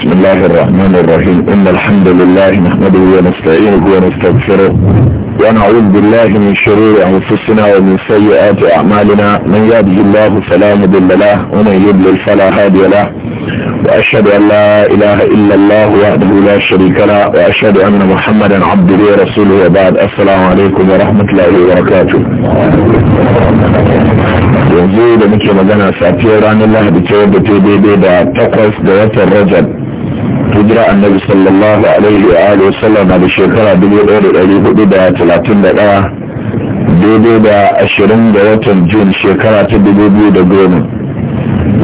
بسم الله الرحمن الرحيم إن الحمد لله نحمده ونستعينه ونستغفره ونعوذ بالله من شرور أنفسنا ومن سيئات أعمالنا من يهده الله فلا مضل له ومن يضلل فلا هادي له وأشهد أن لا إله إلا الله وحده لا شريك له وأشهد أن محمدا عبده ورسوله وبعد السلام عليكم ورحمة الله وبركاته yanzu da muke magana safiyar ranar lahadi ta wadda ta daidai da takwas da watan rajab تدرى النبي صلى الله عليه وآله وسلم بشكرة بالغير الأليه ببعة تلاتين دقاء ببعة أشرين دواتن جون شكرة ببعة دقون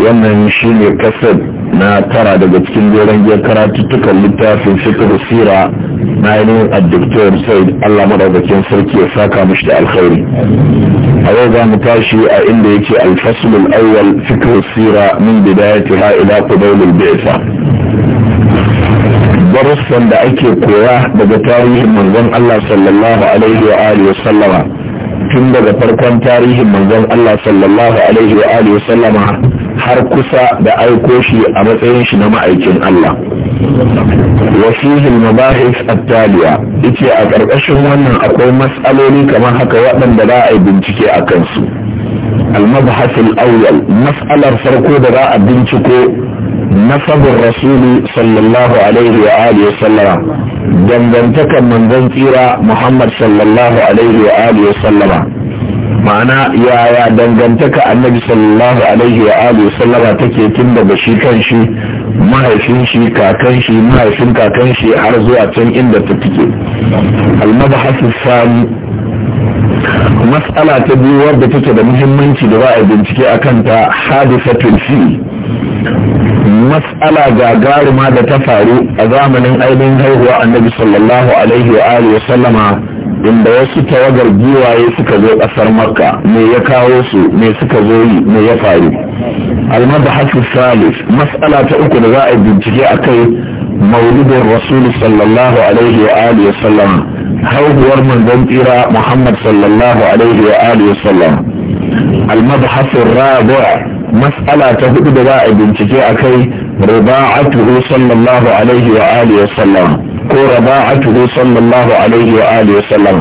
ومن شين يكسب ما ترى دقتكين دورن يكرا تتكى في سكر السيرة ما ينوي الدكتور سيد الله مرضكين سركي فاكا مشتاء الخير هذا متاشي أعنديك الفصل الأول فكر السيرة من بدايتها إلى قبول البعثة darussan da ake koya daga tarihin manzon Allah sallallahu alaihi wa alihi wa sallama tun daga farkon tarihin manzon Allah sallallahu alaihi wa alihi wa sallama har kusa da aiko shi a matsayin shi na ma'aikin Allah وفيه المباحث التالية ita a ƙarƙashin wannan akwai matsaloli kamar haka waɗanda za a yi bincike a kansu المبحث الأول مسألة فرقودة بقى بنتكو نصب الرسول صلى الله عليه وآله وسلم دندنتك من ذنطيرة محمد صلى الله عليه وآله وسلم معنى يا يا دندنتك النبي صلى الله عليه وآله وسلم تكي تند بشي كنشي mahaifinshi kakanshi mahaifin kakanshi har zuwa can inda ta fike almabahasi sani matsala ta biyu wadda take da muhimmanci da ba a bincike a kanta hadisatul fi matsala gagaruma da ta faru a zamanin ainihin haihuwa annabi sallallahu alaihi wa alihi wa sallama inda wasu tawagar giwaye suka zo kasar makka me ya kawo su me suka zo yi me ya faru almadhafu salis mas'ala ta uku da za a bincike a kai maulidin rasul sallallahu alaihi wa alihi wasallam haihuwar manzon tsira muhammad sallallahu alaihi wa alihi wasallam almadhafu rabi' mas'ala ta hudu da za a bincike a kai riba'atuhu sallallahu alaihi wa alihi wasallam ko raba a tuhu sallallahu alaihi wa alihi wasallam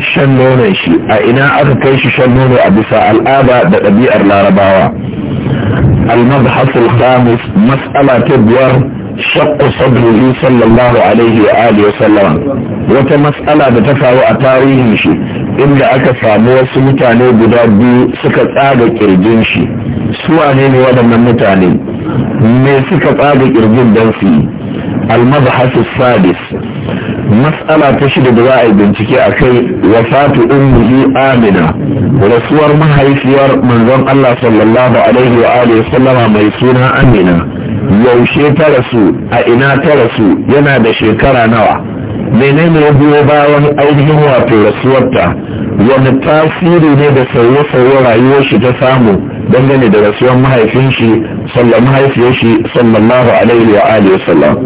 shan nonon shi a ina aka kai shi shan nono a bisa al'ada da ɗabi'ar larabawa al-mabhasul khamis mas'ala ta biyar shakku sadrihi sallallahu alaihi wa alihi wasallam wata mas'ala da ta faru a tarihin shi inda aka samu wasu mutane guda biyu suka tsaga kirjin shi su ne ne waɗannan mutane me suka tsaga kirjin don su المبحث السادس مسألة تشد دعاء بنتك أكي وفاة أمه آمنة ورسول ما هيسير من ذن الله صلى الله عليه وآله وسلم suna آمنة yaushe ta rasu a ina ta rasu yana da shekara nawa menene ya biyo bayan ainihin wato rasuwarta wani tasiri ne da sauye-sauye rayuwar shi ta samu dangane da rasuwan mahaifin shi sallallahu mahaifiyar shi sallallahu alaihi wa alihi wasallam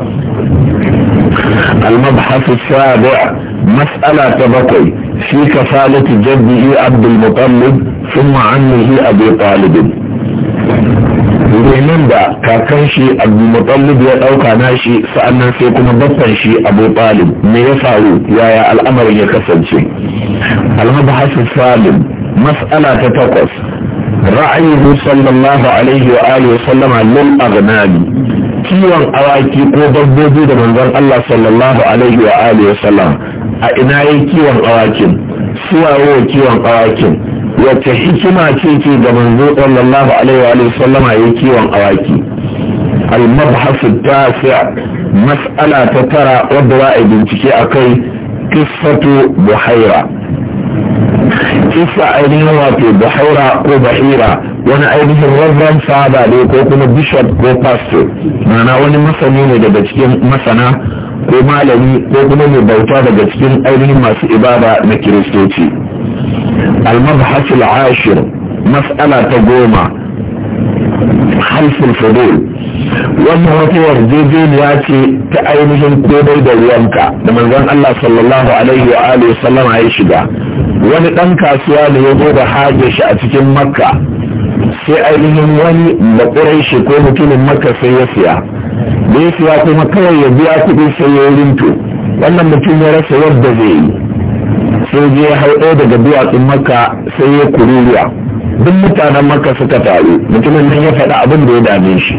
as-sabi' mas'ala مسألة تبقي في كفالة جده عبد المطلب thumma عمه abi talib domin da kakan shi abu mutallib ya dauka na shi sa'annan sai kuma babban shi abu talib me ya faru yaya al'amarin ya kasance Al-mabhas almabahasu salim mas'ala ta takwas ra'ayihu sallallahu alaihi wa alihi wa sallama lil aghnami kiwon awaki ko dabbobi da manzon Allah sallallahu alaihi wa alihi wa sallam a ina yayin kiwon awakin suwaye kiwon awakin wacce hikima ce ce ga manzo sallallahu alaihi wa alihi wa sallama yayin kiwon awaki المبحث التاسع مسألة ترى وضع بنتكي أكي قصة بحيرة kisa ainihin wato bahaura ko bahira wani ainihin reverend father ne ko kuma bishop ko pastor mana wani masani ne daga cikin masana ko malami ko kuma mai bauta daga cikin ainihin masu ibada na kiristoci al-mabhasul ashir mas'ala ta goma halfin fudul wannan wata yarjejeniya ce ta ainihin komai da ruwanka da manzon Allah sallallahu alaihi wa alihi sallama ya shiga wani dan kasuwa ne ya zo da haje shi a cikin makka sai ainihin wani makurai shi ko mutumin makka sai ya siya da ya siya kuma kawai ya biya kuɗi sai ya rinto wannan mutum ya rasa yadda zai yi sai je ya hau daga duwatsun makka sai ya kururuwa duk mutanen maka suka taru mutumin nan ya faɗa abin da ya dame shi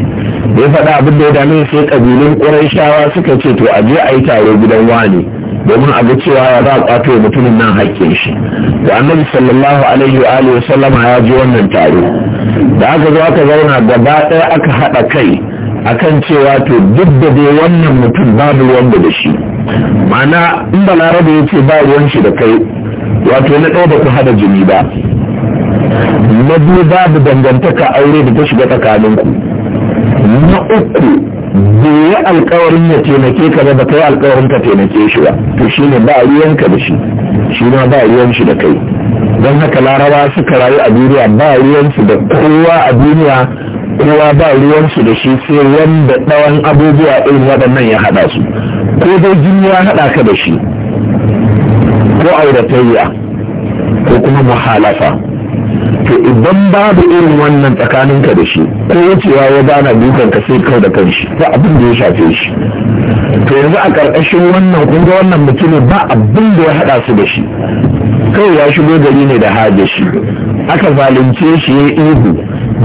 ya faɗa abin da ya dame sai ƙabilun ƙurayshawa suka ce to a je a yi taro gidan wani domin a ga cewa ya za a kwato mutumin nan haƙƙin shi da annabi sallallahu alaihi wa alihi sallama ya ji wannan taro da aka zo aka zauna gaba ɗaya aka haɗa kai akan cewa to duk da dai wannan mutum babu wanda da shi ma'ana in balarabe ya ce ba ruwan shi da kai wato na ɗaya ba ku haɗa jini ba na biyu babu dangantaka aure da ta shiga tsakaninku na uku bai yi alkawarin ya taimake ka ba kai alkawarin ka taimake shi ba to ne ba ruwanka da shi shi ma ba ruwan shi da kai don haka Laraba suka rayu a duniya ba su da kowa a duniya kowa ba su da shi sai wanda ɗawan abubuwa irin waɗannan ya haɗa su ko dai jini ya haɗa ka da shi ko auratayya ko kuma muhalafa to idan babu irin wannan tsakaninka da shi ko wucewa ya gana dukan ka sai kau da kanshi ba abin da ya shafe shi to yanzu a ƙarƙashin wannan kun ga wannan mutumin ba abin da ya haɗa su da shi Kai ya shigo gari ne da haje shi aka zalunce shi ya ihu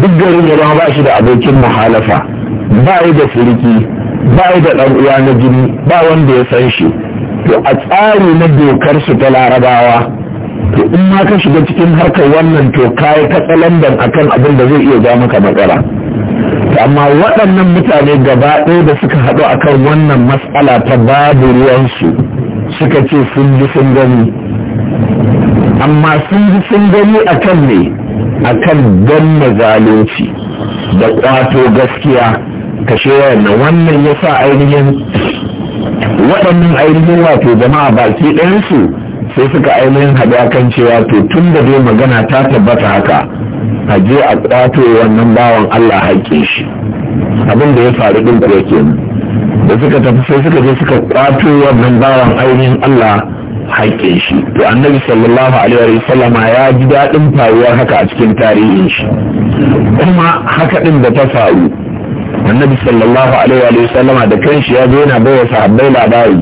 duk garin ya ba shi da abokin muhalafa ba yi da siriki ba yi da uwa na jini ba wanda ya san shi to a tsari na dokar su ta larabawa to in ma ka shiga cikin harkar wannan to ta katsalandan akan abin da zai iya ja maka matsala amma waɗannan mutane gaba ɗaya da suka haɗu akan wannan matsala ta babu ruwansu suka ce sun ji sun gani amma sun ji sun gani akan ne akan ganna zalunci da ƙwato gaskiya kashe wayannan wannan ya sa ainihin waɗannan ainihin wato jama'a baki ɗayansu sai suka ainihin haɗu kan cewa to tun da dai magana ta tabbata haka a je a ƙwato wannan bawan Allah haƙƙin shi abin da ya faru ɗin kuwa kenan da suka tafi sai suka je suka ƙwato wannan bawan ainihin Allah haƙƙin shi to annabi sallallahu alaihi wa sallama ya ji daɗin faruwar haka a cikin tarihin shi kuma haka ɗin da ta faru annabi sallallahu alaihi wa sallama da kanshi ya zo yana baiwa sahabbai labari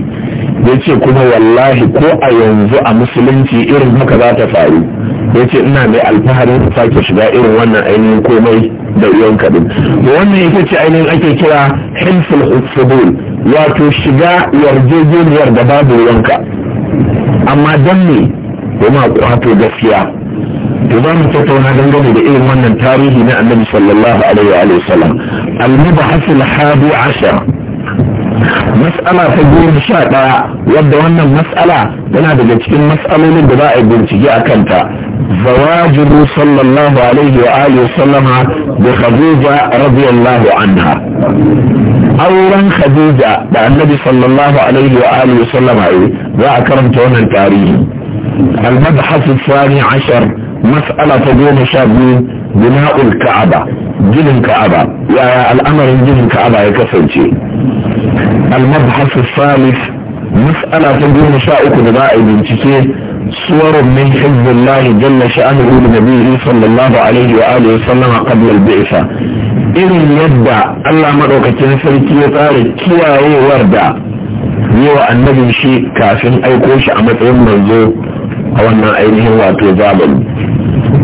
ya ce kuma wallahi ko a yanzu a musulunci irin haka za ta faru ya ce ina mai alfaharin sake shiga irin wannan ainihin komai da iyon kaɗin wannan ita ce ainihin ake kira hilful husubul wato shiga yarjejeniyar da babu wanka amma don ne kuma kwato gaskiya to za mu tattauna dangane da irin wannan tarihi na annabi sallallahu alaihi wa sallam al-mubahas al-hadi مسألة تقول بشاء لا يبدو أن المسألة لنا بجتكين مسألة للدباء بلتجي كنتا زواجه صلى الله عليه وآله وسلم بخديجة رضي الله عنها أولا خديجة بأن النبي صلى الله عليه وآله وسلم وأكرم تونا التاريخ المبحث الثاني عشر مسألة تقول شابين بناء الكعبة جن الكعبة يا الأمر جن الكعبة يا شيء المبحث الثالث مسألة تقول شاءك دماء بنتكي صور من حزب الله جل شأنه لنبيه صلى الله عليه وآله وسلم قبل البعثة إن يدع الله مدوك تنسلتي يطاري كيا وردع يوى النبي شيء كافٍ أي كوش أمت يمنزو أو أن أينه واتو ظالم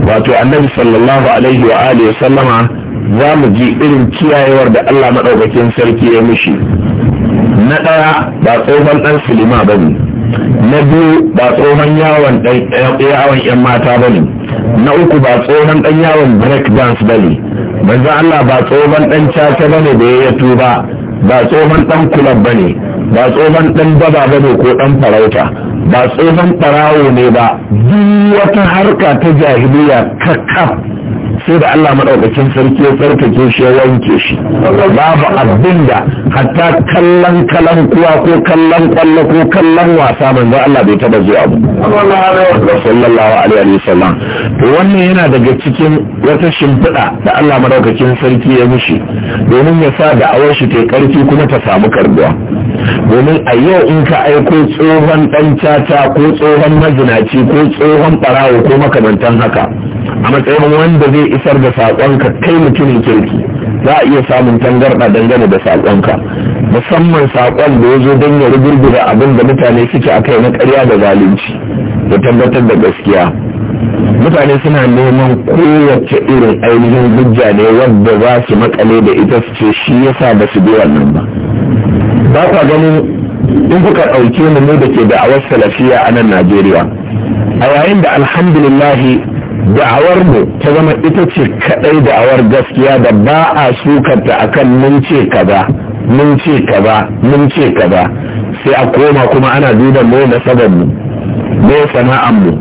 واتو النبي صلى الله عليه وآله وسلم za mu ji irin kiyayewar da Allah maɗaukakin sarki ya mishi na ɗaya ba tsohon ɗan silima ba ne na biyu ba tsohon yawon yawon yan mata ba ne na uku ba tsohon ɗan yawon break dance ba ne manzo Allah ba tsohon ɗan caca ba ne da ya tuba ba tsohon ɗan kulab ba ne ba tsohon ɗan daba ba ne ko ɗan farauta ba tsohon ɓarawo ne ba duk wata harka ta jahiliya kakkaf sai da Allah maɗaukakin sarki ya tsarkake shi ya wanke shi babu abin da hatta kallon kalan kuwa ko kallon kwallo ko kallon wasa manzo Allah bai taba zuwa abu. sallallahu alaihi wa sallam to wannan yana daga cikin wata shimfiɗa da Allah maɗaukakin sarki ya mishi domin ya sa da awar shi ta karfi kuma ta samu karbuwa domin a yau in ka aiko tsohon dan caca ko tsohon mazinaci ko tsohon ɓarawo ko makamantan haka a matsayin wanda zai isar da saƙonka kai mutumin kirki za a iya samun tangarɗa dangane da saƙonka musamman saƙon da ya zo don ya rugurgura abin da mutane suke a kai na ƙarya da zalunci da tabbatar da gaskiya mutane suna neman kowace irin ainihin hujja ne wadda za su makale da ita su ce shi yasa ba su bi wannan ba ba ka ganin in kuka ɗauke mu mu da ke da'awar salafiya a nan najeriya a yayin da alhamdulillahi da'awar mu ta zama ita ce kaɗai da'awar gaskiya da ba a sukarta akan mun ce kaza mun ce kaza mun ce kaza sai a koma kuma ana duba mu na sabon mu me sana'an mu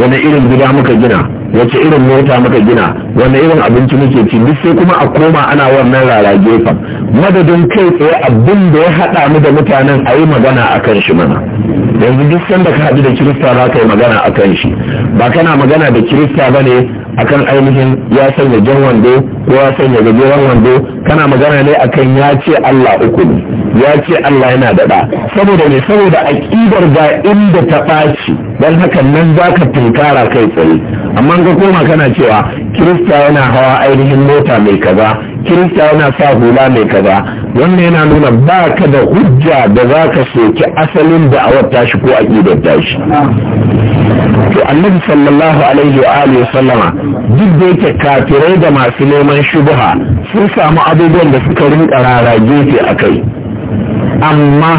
wani irin gida muka gina wace irin mota muka gina wani irin abinci muke ci duk sai kuma a koma ana wannan rara gefen madadin kai tsaye abin da ya haɗa mu da mutanen a yi magana a kan shi mana yanzu duk sanda ka haɗu da kirista za ka yi magana a kan shi ba kana magana da kirista ba ne akan ainihin ya sanya jan wando ko ya sanya gajeren wando kana magana ne akan ya ce Allah uku ne ya ce Allah yana da ɗa saboda ne saboda aqidar ga inda ta ɓaci dan haka nan zaka ka tunkara kai tsaye amma ga koma kana cewa kirista yana hawa ainihin mota mai kaza kirista yana sa hula mai kaza wannan yana nuna ba ka da hujja da za ka soki asalin da'awar tashi ko aƙidar tashi to annabi sallallahu alaihi wa alihi sallama duk da yake kafirai da masu neman shubha sun samu abubuwan da suka rinka rarage a kai, amma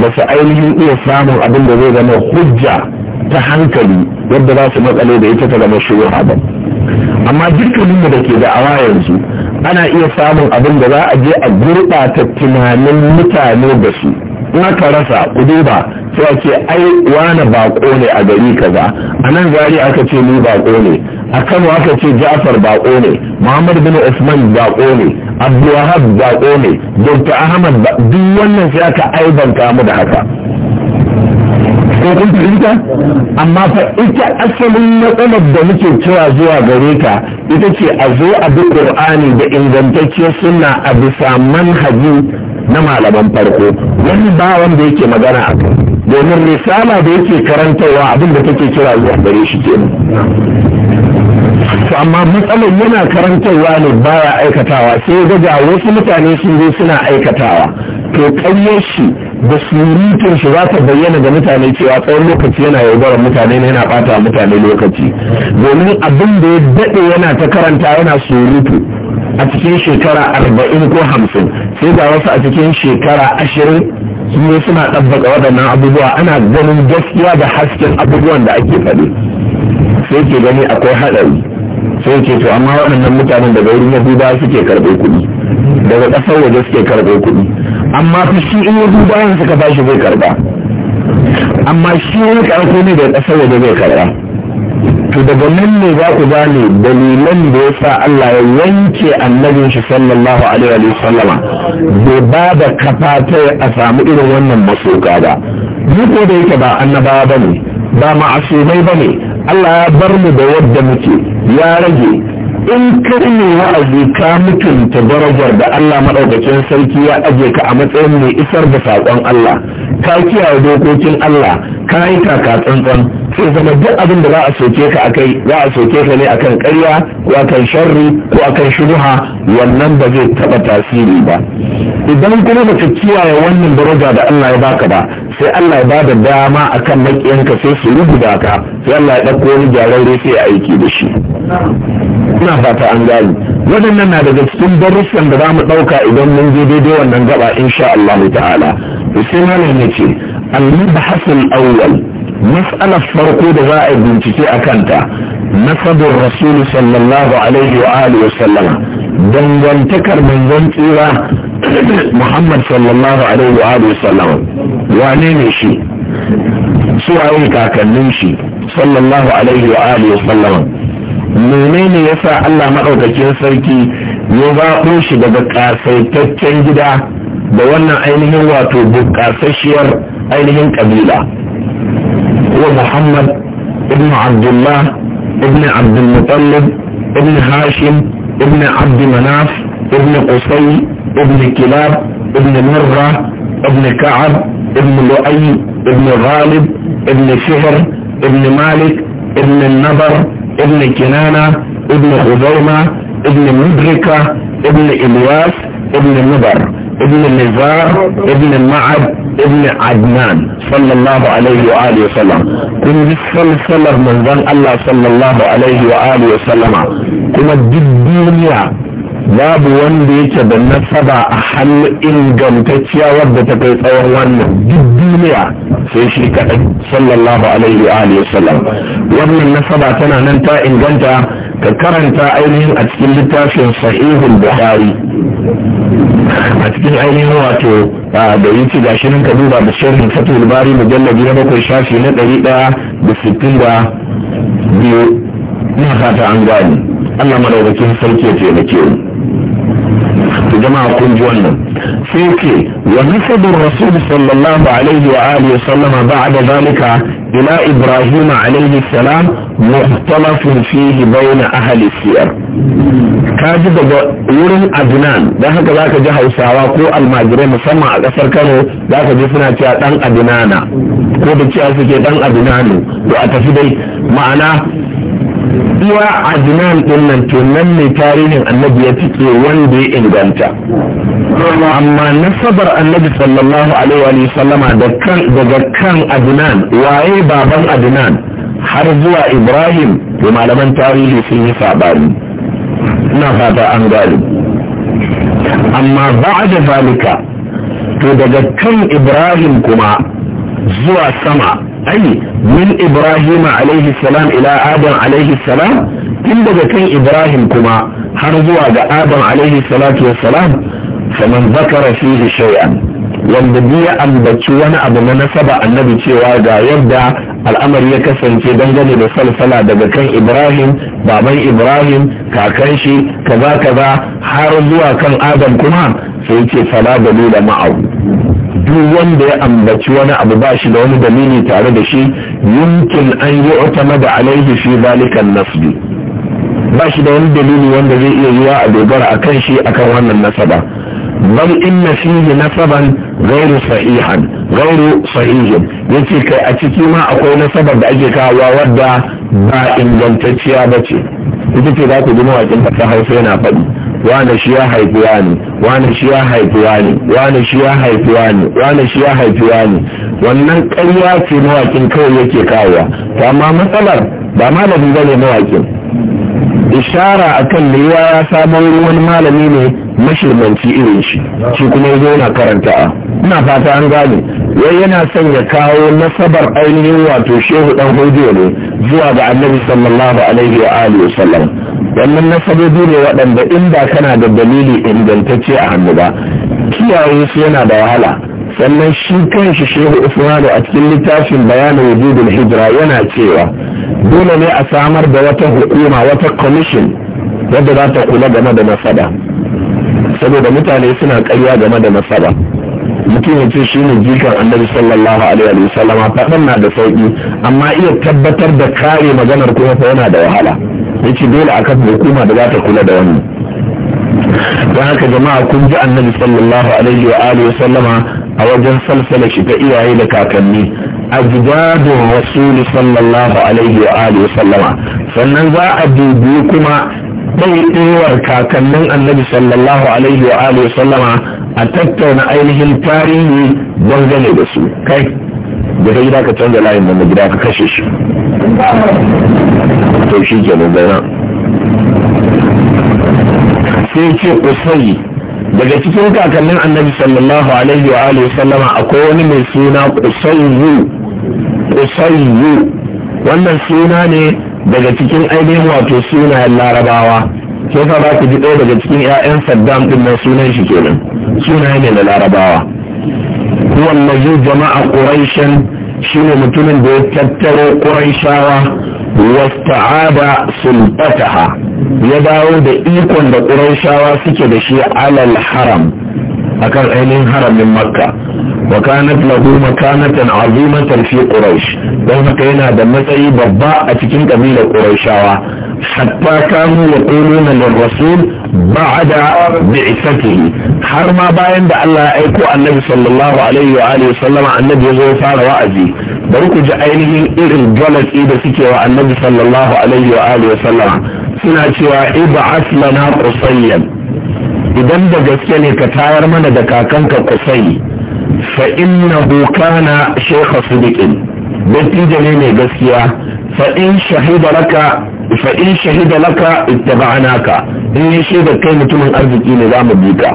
ba su ainihin iya samun abin da zai zama hujja ta hankali yadda za su matsale da ita ta zama shubha ba amma dukkaninmu da ke da awa yanzu ana iya samun abin da za a je a gurɓata tunanin mutane da su in aka rasa ku duba sai a ce ai wani bako ne a gari kaza a nan gari aka ce ni bako ne a kano aka ce ja'far bako ne muhammad bin usman bako ne abdulwahab bako ne dr ahmad duk wannan sai aka aibanta mu da haka ko kun amma fa ita asalin matsalar da muke cewa zuwa gare ta ita ce a zo a bi qur'ani da ingantacciyar sunna a bisa manhaji na malaman farko wani ba wanda yake magana a kai domin risala da yake karantarwa abin da take kira zuwa gare shi ke to amma matsalar yana karantarwa ne baya aikatawa sai daga wasu mutane sun zo suna aikatawa to ƙaryar shi da surutun shi za ta bayyana ga mutane cewa tsawon lokaci yana yaudara mutane ne yana ɓata mutane lokaci domin abin da ya daɗe yana ta karanta yana surutu a cikin shekara arba'in ko hamsin sai ga wasu a cikin shekara ashirin ne suna ɗabbaka waɗannan abubuwa ana ganin gaskiya da hasken abubuwan da ake faɗi sai ke gani akwai haɗari sai ke to amma waɗannan mutanen daga wurin yahudawa suke karɓar kuɗi daga ƙasar waje suke karɓo kuɗi amma fi shi in yahudawan suka bashi zai karɓa amma shi wani ƙarfi ne daga ƙasar waje zai karɓa to daga nan ne za ku gane dalilan da ya sa Allah ya yanke annabin shi sallallahu alaihi wa sallama bai ba da kafatai a samu irin wannan masoka ba mu ko da yake ba annabawa ba ne ba ma'asumai ba ne Allah ya bar mu da yadda muke ya rage in kai ne wa'azi ka mutunta darajar da Allah maɗaukacin sarki ya aje ka a matsayin mai isar da saƙon Allah ka kiyaye dokokin Allah ka yi kaka tsantsan sai zama duk abin da za a soke ka akai za a soke ka ne akan ƙarya ko akan sharri ko akan shubuha wannan ba zai taɓa tasiri ba idan kuma ba ka kiyaye wannan daraja da Allah ya baka ba sai Allah ya ba da dama akan maƙiyanka sai su rubuta ka sai Allah ya ɗauko wani gyararre sai ya aiki da shi ina ina fata an gani waɗannan na daga cikin darussan da zamu dauka idan mun je daidai wannan gaba insha Allah ta'ala sai malamin yace al ce al awwal mas'alar farko da za a bincike a kanta nasabin rasul sallallahu alaihi wa alihi wasallam sallama dangantakar manzon tsira muhammad sallallahu alaihi wa alihi wasallam wane ne shi su suwaye kakannin shi sallallahu alaihi wa alihi wasallam menene yasa Allah madaukakin sarki ya ba ku shi daga ƙasaitaccen gida da wannan ainihin wato buƙasasshiyar ainihin kabila wa Muhammad ibn Abdullah ibn Abdul Muttalib ibn Hashim ibn Abd Manaf ibn Qusay ibn Kilab ibn Murra ibn Ka'ab ibn Lu'ay ibn Ghalib ibn Shihr ibn Malik ibn Nabar ابن كنانة ابن خزيمة ابن مدركة ابن إلياس ابن نضر ابن نزار ابن معد ابن عدنان صلى الله عليه وآله وسلم كن بسفل سلر من ظن الله صلى الله عليه وآله وسلم كما الدنيا babu wanda yake da nasaba a hannun ingantacciya wadda ta kai tsawon wannan duk duniya sai shi kaɗai sallallahu alaihi wa alihi wasallam wannan nasaba tana nan ta inganta ka karanta ainihin a cikin littafin sahihul buhari a cikin ainihin wato da yi ci gashi nan ka duba da sharhin fatul bari mujallabi na bakwai shafi na ɗari ɗaya da sittin da biyu na fata an gani Allah madaukakin sarki ya taimake mu to jama'a kun ji wannan sai ke wa nasabur rasul sallallahu alaihi wa alihi wasallam ba'da zalika ila ibrahim alaihi salam muhtalafun fihi bayna ahli siyar ka ji daga wurin adnan dan haka zaka ji hausawa ko almajirai musamman a kasar kano zaka ji suna cewa dan adnana ko da cewa suke dan adnano to a tafi dai ma'ana uwa adnan din nan to nan ne tarihin annabi ya tike wanda ya inganta amma nasabar annabi sallallahu alaihi wa sallama daga kan adnan waye baban adnan har zuwa ibrahim da malaman tarihi sun yi sabani na fata an gari amma ba da zalika to daga kan ibrahim kuma zuwa sama ai min ibrahim alaihi salam adam alaihi tun daga kan ibrahim kuma har zuwa ga adam alaihi salatu wassalam faman zakara fihi shay'an wanda bi ya ambaci wani abu na nasaba annabi cewa ga yadda al'amari ya kasance dangane da salsala daga kan ibrahim baban ibrahim kakan shi kaza kaza har zuwa kan adam kuma sai ce fala da lula ma'au duk wanda ya ambaci wani abu ba shi da wani dalili tare da shi yunkin an yi utama da alaihi fi zalikan nasbi ba shi da wani dalili wanda zai iya yiwa a dogara a kan shi akan wannan nasaba bal inna fihi nasaban ghairu sahihan ghairu sahihin yace kai a ciki ma akwai nasabar da ake kawo wadda ba ingantacciya bace ita ce za ku ji mawaƙin ta hausa yana faɗi wane shi ya haifi wani wane shi ya haifi wani wane shi ya haifi wani wane shi ya haifi wani wannan ƙarya ce mawakin kawai yake kawowa to amma matsalar ba malami bane mawakin ishara akan lewa ya sabon wani malami ne mashirmanci irin shi shi kuma yazo yana karanta a ina fata an gane wai yana son ya kawo nasabar ainihin wato shehu dan hodiyo ne zuwa ga annabi sallallahu alaihi wa alihi wa sallam wannan nasabobi ne waɗanda in ba kana da dalili ingantacce a hannu ba kiyaye su yana da wahala sannan shi kanshi shehu usmanu a cikin littafin bayanin wujudul hijira yana cewa dole ne a samar da wata hukuma wata commission wadda za ta kula game da nasaba saboda mutane suna karya game da nasaba mutum ya ce shi ne jikan annabi sallallahu alaihi wa sallama faɗan na da sauƙi amma iya tabbatar da kare maganar kuma fa yana da wahala ya dole a kasa hukuma da za ta kula da wannan don haka jama'a kun ji annabi sallallahu alaihi wa alihi wa sallama a wajen salsala shi ta iyaye da kakanni a rasuli sallallahu alaihi wa alihi wa sallama sannan za a dubi kuma ɗaiɗewar kakannin annabi sallallahu alaihi wa alihi wa sallama a tattauna ainihin tarihi dangane da su kai da gida ka canza layin da gida ka kashe shi to shi kenan zana sai ce usayi daga cikin kakannin annabi sallallahu alaihi wa alihi sallama akwai wani mai suna usayyu usayyu wannan suna ne daga cikin ainihin wato sunayen larabawa sai fa za ku ji ɗaya daga cikin 'ya'yan saddam ɗin mai sunan shi kenan suna ne na larabawa wannan jama'a quraishan shine mutumin da ya tattaro quraishawa wasta'ada sulbataha ya dawo da ikon da ƙurayshawa suke da shi alal haram akan ainihin haramin makka wa kanat lahu makanatan azimatan fi quraish don haka yana da matsayi babba a cikin kabilar quraishawa hatta kanu yaquluna lirrasul ba'da bi'satihi har ma bayan da Allah ya aiko annabi sallallahu alaihi wa alihi sallama annabi ya zo fara wa'azi bari ku ji ainihin irin galatsi da suke wa annabi sallallahu alaihi wa alihi sallama suna cewa ib'ath lana qusayyan idan da gaske ne ka tayar mana da kakanka kusai fa innahu kana shaykha sidiqin dattijo ne mai gaskiya fa in shahida laka fa in shahida laka in ya shaida kai mutumin arziki ne za mu bi ka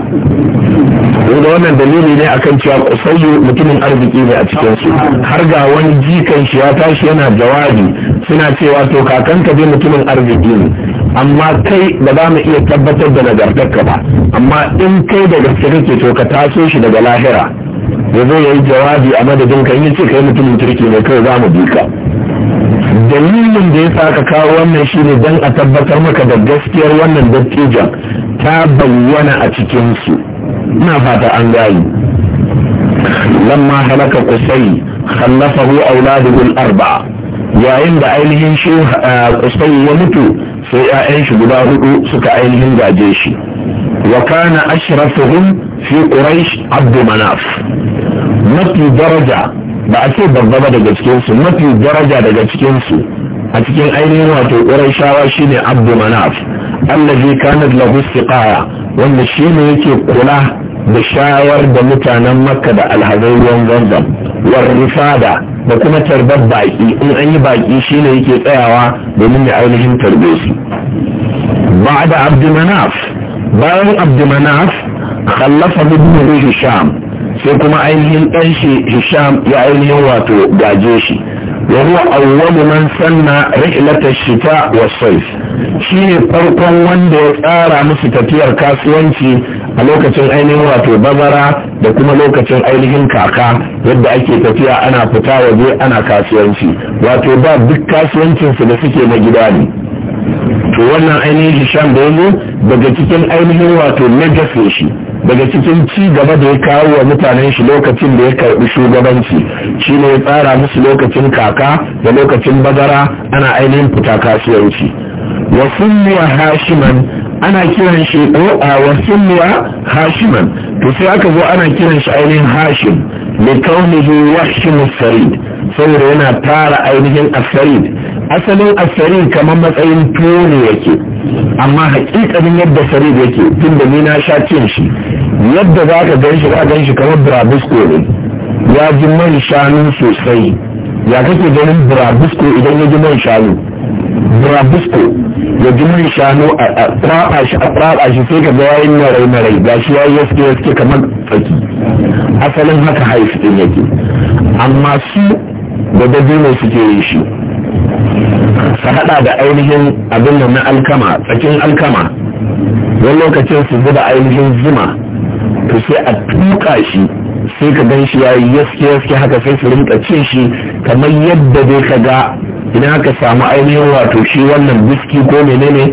da wannan dalili ne akan cewa kusayyu mutumin arziki ne a cikin su har ga wani jikan shi ya tashi yana jawabi suna cewa to kakanka dai mutumin arziki ne amma kai ba za mu iya tabbatar da nagartarka ba amma in kai da gaske kake to ka taso shi daga lahira ya zo ya yi jawabi a madadin ka yi ce kai mutumin kirki ne kai za mu bi ka dalilin da ya sa ka kawo wannan shine dan a tabbatar maka da gaskiyar wannan dattijan ta bayyana a cikin su ina fata an gayi lamma halaka kusai khallafahu auladuhu al-arba'a yayin da ainihin shi kusai uh, ya mutu sai 'ya'yan shi guda hudu suka ainihin gaje shi wa kana ashrafuhum fi quraish abdu manaf mafi daraja ba a ce babba ba daga cikin su mafi daraja daga cikin su a cikin ainihin wato quraishawa shine abdu manaf allazi kanat lahu istiqaya wanda shine yake kula da shayar da mutanen makka da alhazai ruwan zanzam والرفادة وكما تربط باقي ان اي باقي شيء لك يتعوى بمن عينهم تربيسي بعد عبد مناف بعد عبد مناف خلف ابن هشام sai kuma ainihin ɗan shi hisham ya ainihin wato gaje shi wa huwa awwalu man sanna rihlata shita wa sayf ne farkon wanda ya tsara musu tafiyar kasuwanci a lokacin ainihin wato bazara da kuma lokacin ainihin kaka yadda ake tafiya ana fita waje ana kasuwanci wato ba duk kasuwancinsu da suke na gida ne to wannan ainihin hisham da yanzu daga cikin ainihin wato legacy shi daga cikin ci gaba da ya kawo wa mutanen shi lokacin da ya karbi shugabanci shi ne ya tsara musu lokacin kaka da lokacin bazara ana ainihin fita kasuwanci wa sunniya hashiman ana kiran shi a wa sunniya hashiman to sai aka zo ana kiran shi ainihin hashim kaunihin yahshimu sarid saboda yana tara ainihin asarid asalin asarid kamar matsayin tone yake amma hakikanin yadda sarid yake tun da ni na sha cin shi yadda za ka gan shi ka gan shi kamar ne ya ji man shanu sosai ya kake ganin brabusko idan ya ji man shanu brabusko ya ji man shanu a tsaba shi sai ka ga yayin marai marai ga shi yayi yaske yaske kamar tsaki asalin haka haifi din yake amma su da mai suke yi shi su hada da ainihin abin da na alkama tsakin alkama wani lokacin su zuba ainihin zuma to sai a tuka shi sai ka gan shi yayi yaske yaske haka sai su rinka cin shi kamar yadda dai ka ga idan aka samu ainihin wato shi wannan biski ko menene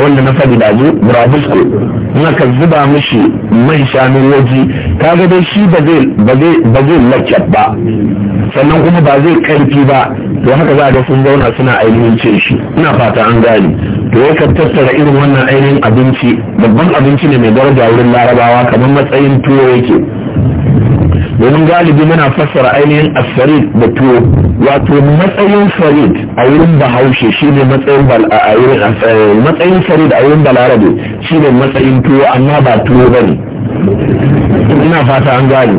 wanda na faɗi da zu burabusko ka zuba mishi mai shanu waje ga dai shi ba zai lakcab ba sannan kuma ba zai karfi ba to haka za ga sun zauna suna ainihin ce shi ina fata an gane to ya kan tattara irin wannan ainihin abinci babban abinci ne mai daraja wurin larabawa kamar matsayin tuwo yake domin galibi muna fassara ainihin asfarid da tuwo wato matsayin farid a wurin bahaushe shi ne matsayin farid eh, a wurin balarabe shi ne matsayin tuwo amma ba tuwo ba ne ina fata an gane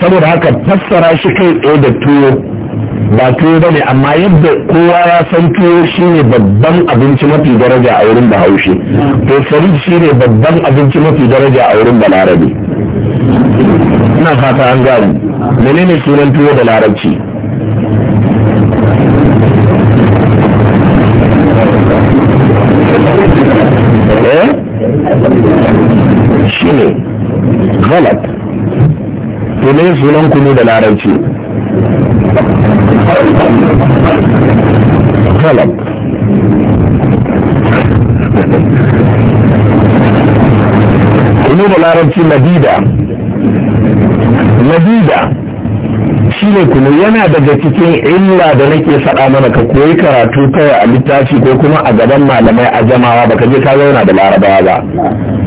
saboda haka fassara shi kai tsaye da tuwo ba tuwo ba ne amma yadda kowa ya san tuwo shi ne babban abinci mafi daraja a wurin bahaushe to farid shi ne babban abinci mafi daraja a wurin balarabe ina fata an gani menene sunan tuwo da larabci eh? shi ne galat ne sunan kunu da larabci galat kunu da larabci madida madida shi ne kuma yana daga cikin illa da nake faɗa mana ka koyi karatu kawai a littafi ko kuma a gaban malamai a jamawa baka je ka zauna da larabawa ba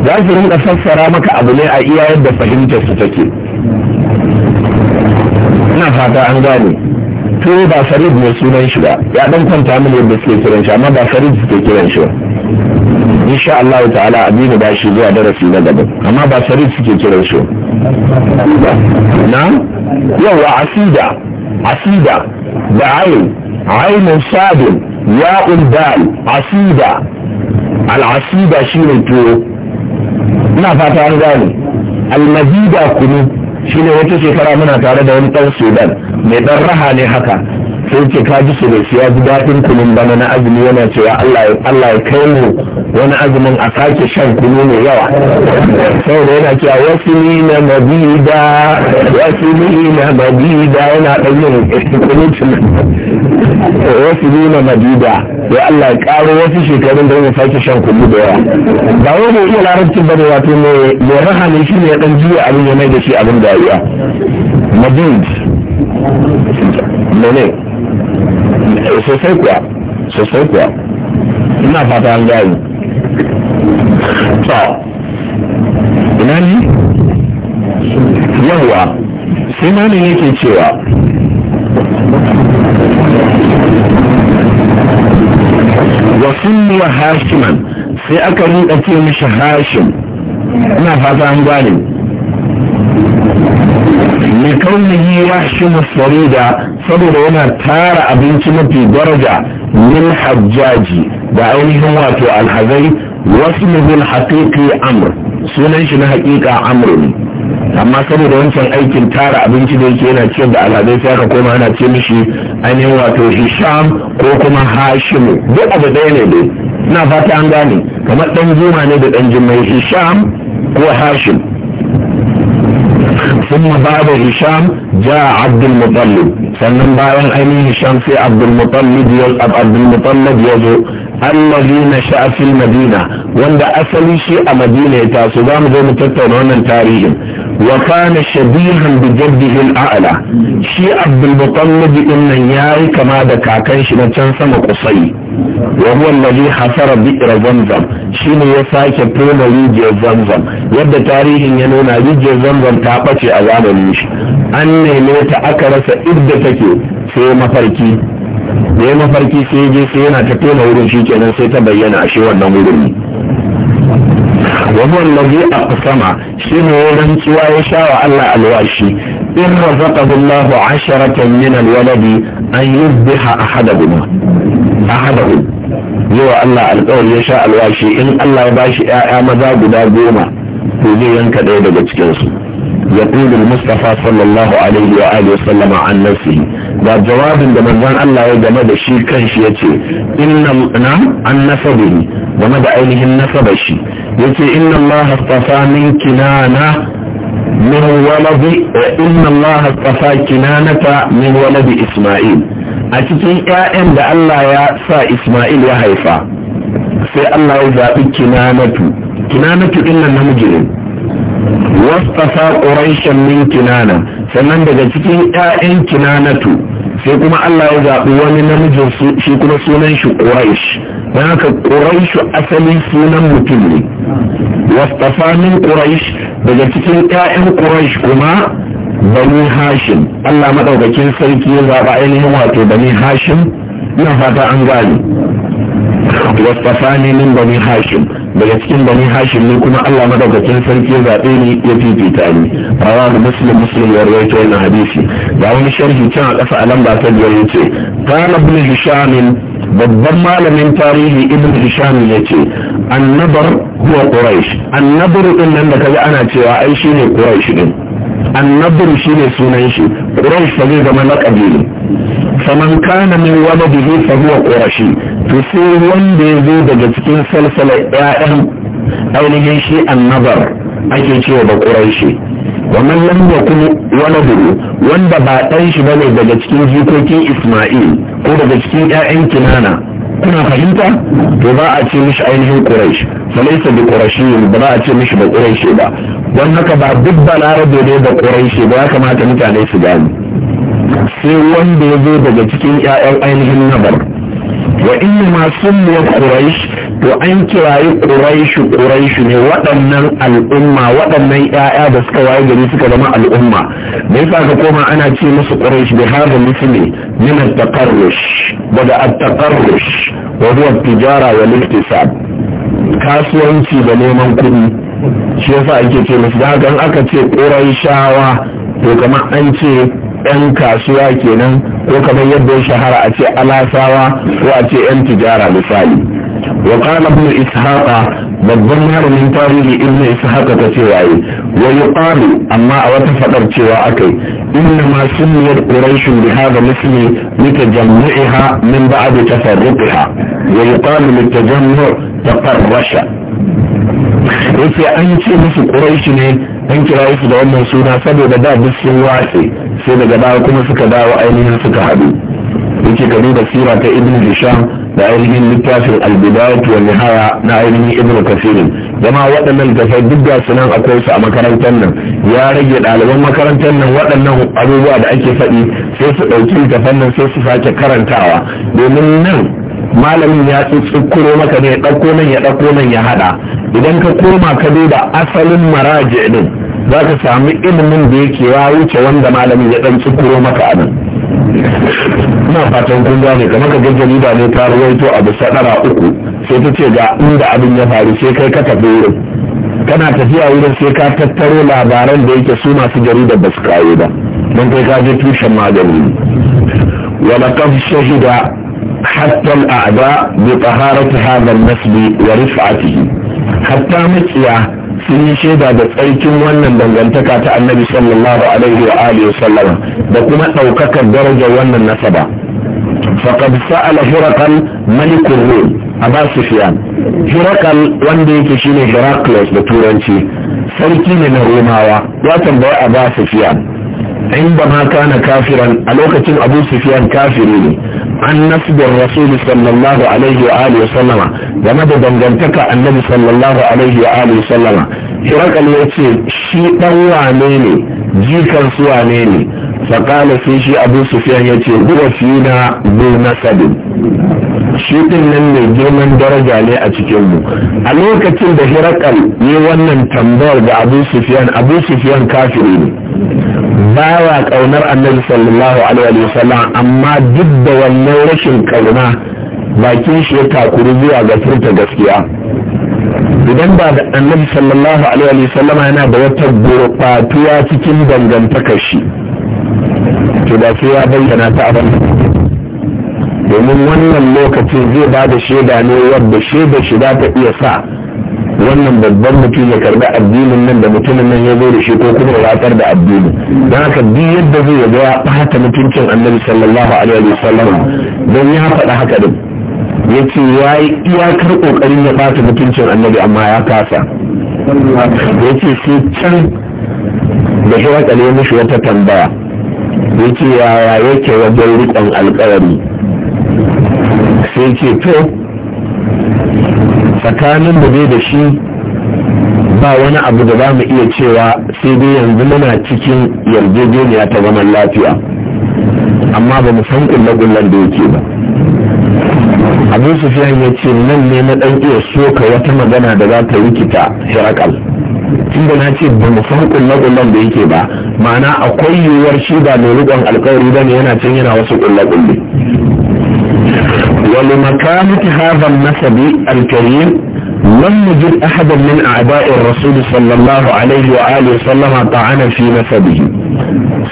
za su rinka fassara maka abu ne a iya yadda fahimtar su take ina fata an gane to ba farid ne sunan shi ba ya ɗan kwanta mini yadda suke kiran shi amma ba farid suke kiran shi ba insha Allah ta'ala a ba shi zuwa darasi na gaba amma ba sarri suke kiran shi na yawa asida asida da ayin mun sadin ya dal asida al'asida shi ne tuwo ina fata an gane almazida kunu shi ne wata shekara muna tare da wani ɗan sudan mai ɗan raha ne haka sai ce ka ji su da siya ji daɗin kunun bana na azumi yana cewa allah ya kai mu wani azumin a sake shan kunu mai yawa saboda yana cewa wasu ni na mabida wasu ni na mabida yana ɗan yin kunutun wasu ni na mabida ya Allah ya ƙaro wasu shekarun da ya sake shan kunu da yawa ba wani mai iya larabcin ba wato mai raha ne shi ne ya ɗan jiya abin ya mai da shi abin dariya mabid mene sosai kuwa sosai kuwa ina fata an gani to sai yake cewa wasu wa hashiman sai aka rinka ce mishi hashim ina fata an gane mai kaunihi ya shi masarida saboda yana tara abinci mafi daraja min hajjaji da ainihin wato alhazai wasu mubin haƙiƙi amur sunan shi na haƙiƙa amur ne amma saboda wancan aikin tara abinci da yake yana ciyar da alhazai sai aka koma ana ce mishi ainihin wato hisham ko kuma hashimu duk abu ɗaya ne dai ina fata an gane kamar ɗan juma ne da ɗan jimai hisham ko hashim ثم بعد هشام جاء عبد المطلب فمن بعد هشام في عبد المطلب يوز عبد المطلب يوز allazi na madina wanda asali shi a madina ya taso za mu zo mu tattauna wannan tarihin wa kana shabihan bi jaddihi al'ala shi abdul miji din nan yayi kama da kakan shi na can sama kusai wa huwa allazi hasara bi'ra zamzam shine ya sake tona rijiyar zamzam yadda tarihin ya nuna rijiyar zamzam ta bace a zamanin shi an neme ta aka rasa idda take sai mafarki da ya mafarki sai je sai yana ta tona wurin shi kenan sai ta bayyana a shi wannan wurin ne lafi a kusama shi ne wurin tsuwa ya sha wa Allah alwashi in razaqahu Allah asharatan min alwaladi an yuzbiha ahadahum ahadahum yawa Allah alƙawari ya sha alwashi in Allah ya bashi ƴaƴa maza guda goma to zai yanka ɗaya daga cikinsu يقول المصطفى صلى الله عليه وآله وسلم عن نفسه ده جواب ده مرضان الله يجمع ده شيء كان شيء يتي إن نعم عن نسبه وما ده أيله النسب شيء يتي إن الله اصطفى من كنانة من ولد إن الله اصطفى كنانة من ولد إسماعيل أتكين إعين ده الله يا سا إسماعيل وهيفا سي الله يزابي كنانة كنانة إلا نمجرم wasfasa ƙuraishen min kinana sannan daga cikin 'ya'yan kinanatu sai kuma Allah ya zaɓi wani namijin shi kuma sunan shi ƙuraish don haka ƙuraishu asali sunan mutum ne wasfasa min ƙuraish daga cikin 'ya'yan ƙuraish kuma bani hashim Allah maɗaukakin sarki ya zaɓa ainihin wato bani hashim ina fata an gane wasfafani min bani hashim daga cikin bani hashim ne kuma Allah madaukakin sarki ya zaɓe ni ya fifita ni da muslim muslim ya rawaito wannan hadisi ga wani sharhi can a ƙasa a lamba ta biyar yace kana ibn hisham babban malamin tarihi ibn hisham yace annabar huwa quraish annabar din nan da kaga ana cewa ai shine quraish din annabar shine sunan shi quraish fa zai zama laqabi ne faman kana min waladihi fa huwa qurashi to sai wanda ya zo daga cikin salsala ya'yan ainihin shi annabar ake cewa ba quraishi wannan lam yakun waladu wanda ba dan shi bane daga cikin jikokin isma'il ko daga cikin ya'yan kinana kuna fahimta to ba a ce mishi ainihin quraish falaisa bi qurashiyin ba za a ce mishi ba quraishi ba don haka ba duk balarabe ne da quraishi ba ya kamata mutane su gani sai wanda ya zo daga cikin 'ya'yan ainihin nabar wa inna ma summiya quraish to an kirayi quraishu quraishu ne waɗannan al'umma waɗannan 'ya'ya da suka waye gari suka zama al'umma me yasa ka koma ana ce musu quraish bi hadha misli min al taqarrush daga al taqarrush wa huwa tijara wa iktisab kasuwanci da neman kuɗi shi yasa ake ce musu da haka aka ce quraishawa to kamar an ce 'yan kasuwa kenan ko kamar yadda ya shahara a ce alasawa ko a ce 'yan tijara misali wa kala ibn ishaqa babban malamin tarihi ibn ishaqa ta ce waye wa yuqalu amma a wata faɗar cewa akai inna ma sunniyat quraish bi hadha misli litajammu'iha min ba'd tafarruqiha wa yuqalu litajammu' taqarrasha yace an ce musu quraish ne an kira yake da wannan suna saboda da duk sun watse sai daga baya kuma suka dawo ainihin suka haɗu yake ka duba sira ta ibn hisham da ainihin littafin albidayat wa nihaya na ainihin ibn kasirin zama waɗannan da duk ga sunan akwai su a makarantar nan ya rage ɗaliban makarantar nan waɗannan abubuwa da ake faɗi sai su ɗauki littafan nan sai su sake karantawa domin nan malamin ya tsukuro maka ne ɗauko nan ya ɗauko nan ya haɗa idan ka koma ka duba asalin maraji ɗin za ka sami ilimin da yake ya wuce wanda malamin ya ɗan tsukuro maka a nan ina fatan kun gane kamar ka ga jarida ne ta ruwaito abu ɗara uku sai ta ce ga inda abin ya faru sai kai ka tafi wurin kana tafiya wurin sai ka tattaro labaran da yake su masu jaridar ba su kawo ba don kai ka je tushen magani Wani ولقد شهد حتى الأعداء بطهارة هذا النسب ورفعته حتى مكيا sun yi shaida da tsarkin wannan dangantaka ta annabi sallallahu alaihi wa alihi da kuma ɗaukakar darajar wannan nasaba faqad sa'ala hiraqal malik rum aba sufyan hiraqal wanda yake shine Heraclius da turanci sarki ne na romawa ya tambayi aba sufyan inda ma kana kafiran a lokacin abu sufyan kafiri ne an da rasulu sallallahu alaihi wa alihi sallama game da dangantaka annabi sallallahu alaihi wa alihi sallama shirakal ya ce shi dan wane ne jikan su wane ne faƙala sai shi abu sufiyan ya ce huwa fina bu nasabin shi din nan mai girman daraja ne a cikin mu a lokacin da hirakal ne wannan tambayar da abu sufiyan abu sufiyan kafiri ne ba wa ƙaunar annabi sallallahu alaihi wasallam amma duk da wannan rashin ƙauna bakin shi ya takuru zuwa ga furta gaskiya idan ba da annabi sallallahu alaihi wasallam yana da wata gurbatuwa cikin dangantakar shi to da sai ya bayyana ta abin domin wannan lokacin zai ba da shaida ne wadda shaida shi za ta iya sa wannan babban mutum ya karbi addinin nan da mutumin nan ya zo da shi ko kuma ratsar da addini don haka duk yadda zai ga ya ɓata mutuncin annabi sallallahu alaihi wasallam don ya faɗa haka din ya ce ya yi iyakar ƙoƙarin ya ɓata mutuncin annabi amma ya kasa ya ce sai can da shi wakale mishi wata tambaya ya ce yaya yake wajen riƙon alƙawari sai ce to tsakanin da bai da shi ba wani abu da za mu iya cewa sai dai yanzu muna cikin yarjejeniya ta zaman lafiya amma ba mu san kullakullan da yake ba abin fiye ya ce nan ne na ɗan iya soka wata magana da za ta rikita tun da na ce ba mu san kullakullan da yake ba ma'ana akwai yiwuwar shi ba mai rikon alkawari ba ne yana can yana wasu kullakulle ولمكانة هذا النسب الكريم لم نجد احدا من اعداء الرسول صلى الله عليه وآله وسلم طعنا في نسبه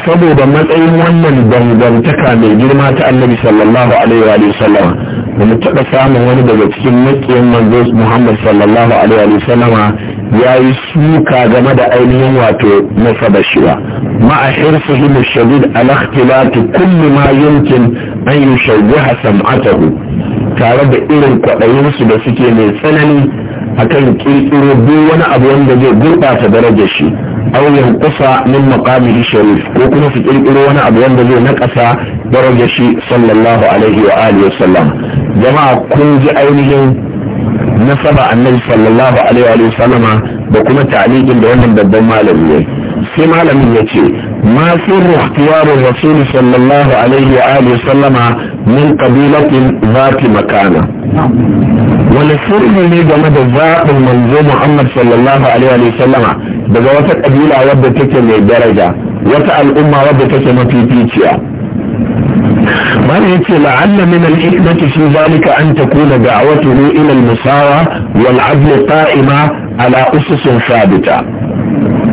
سبب من اي من دمدم تكا من جرمة النبي صلى الله عليه وآله وسلم ومتقى سامه ونبدأ تسمت يوم من محمد صلى الله عليه وآله وسلم ya yi suka game da ainihin wato nasaba shi ba ma'a hirsihim shadid ala ikhtilati kulli ma yankin an yushawwiha sam'atahu tare da irin kwaɗayinsu da suke mai tsanani akan kirkiro duk wani abu wanda zai gurɓata daraja shi aw kusa min maqamihi sharif ko kuma su kirkiro wani abu wanda zai nakasa daraja shi sallallahu alaihi wa alihi wa sallam jama'a kun ji ainihin نصب النبي صلى الله عليه وآله وسلم بكم تعليق بأن بدو ما لم يأتي لم يأتي ما سر اختيار الرسول صلى الله عليه وآله وسلم من قبيلة ذات مكانة ولسر من جمد ذات المنظوم محمد صلى الله عليه وآله وسلم بغوثة قبيلة ودتك من الدرجة وتأل أمة ودتك في بيتيا mana yace la'alla min al-hikmati fi zalika an takuna da'watuhu ila al-musawa wal 'adl qa'ima ala ususin sabita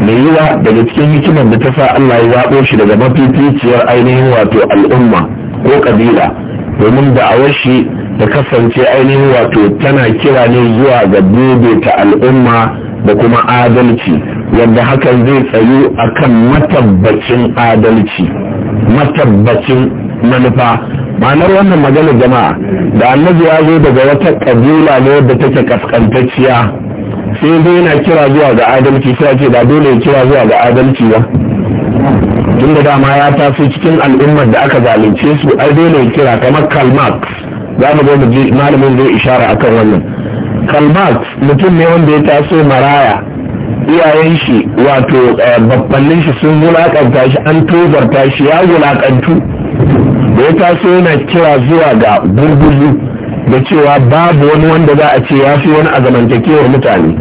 mai yiwa daga cikin hikimar da ta sa Allah ya zaɓo shi daga mafificiyar ainihin wato al'umma ko kabila domin da'awar shi da kasance ainihin wato tana kira ne zuwa ga ta al'umma da kuma adalci yadda hakan zai tsayu akan matabbacin adalci matabbacin manufa ma'anar wannan magana jama'a da annabi ya zo daga wata kabila ne wadda take kaskantacciya sai zo yana kira zuwa ga adalci sai ce ba dole ya kira zuwa ga adalci ba tun da dama ya taso cikin al'ummar da aka zalunce su ai dole ya kira kamar karl marx za mu zo mu malamin zai ishara akan wannan karl marx mutum ne wanda ya taso maraya iyayen shi wato eh, babbannin shi sun wulakanta shi an tozarta shi ya wulakantu da ya taso yana kira zuwa ga gurguzu da cewa babu wani wanda za a ce ya fi wani a zamantakewar mutane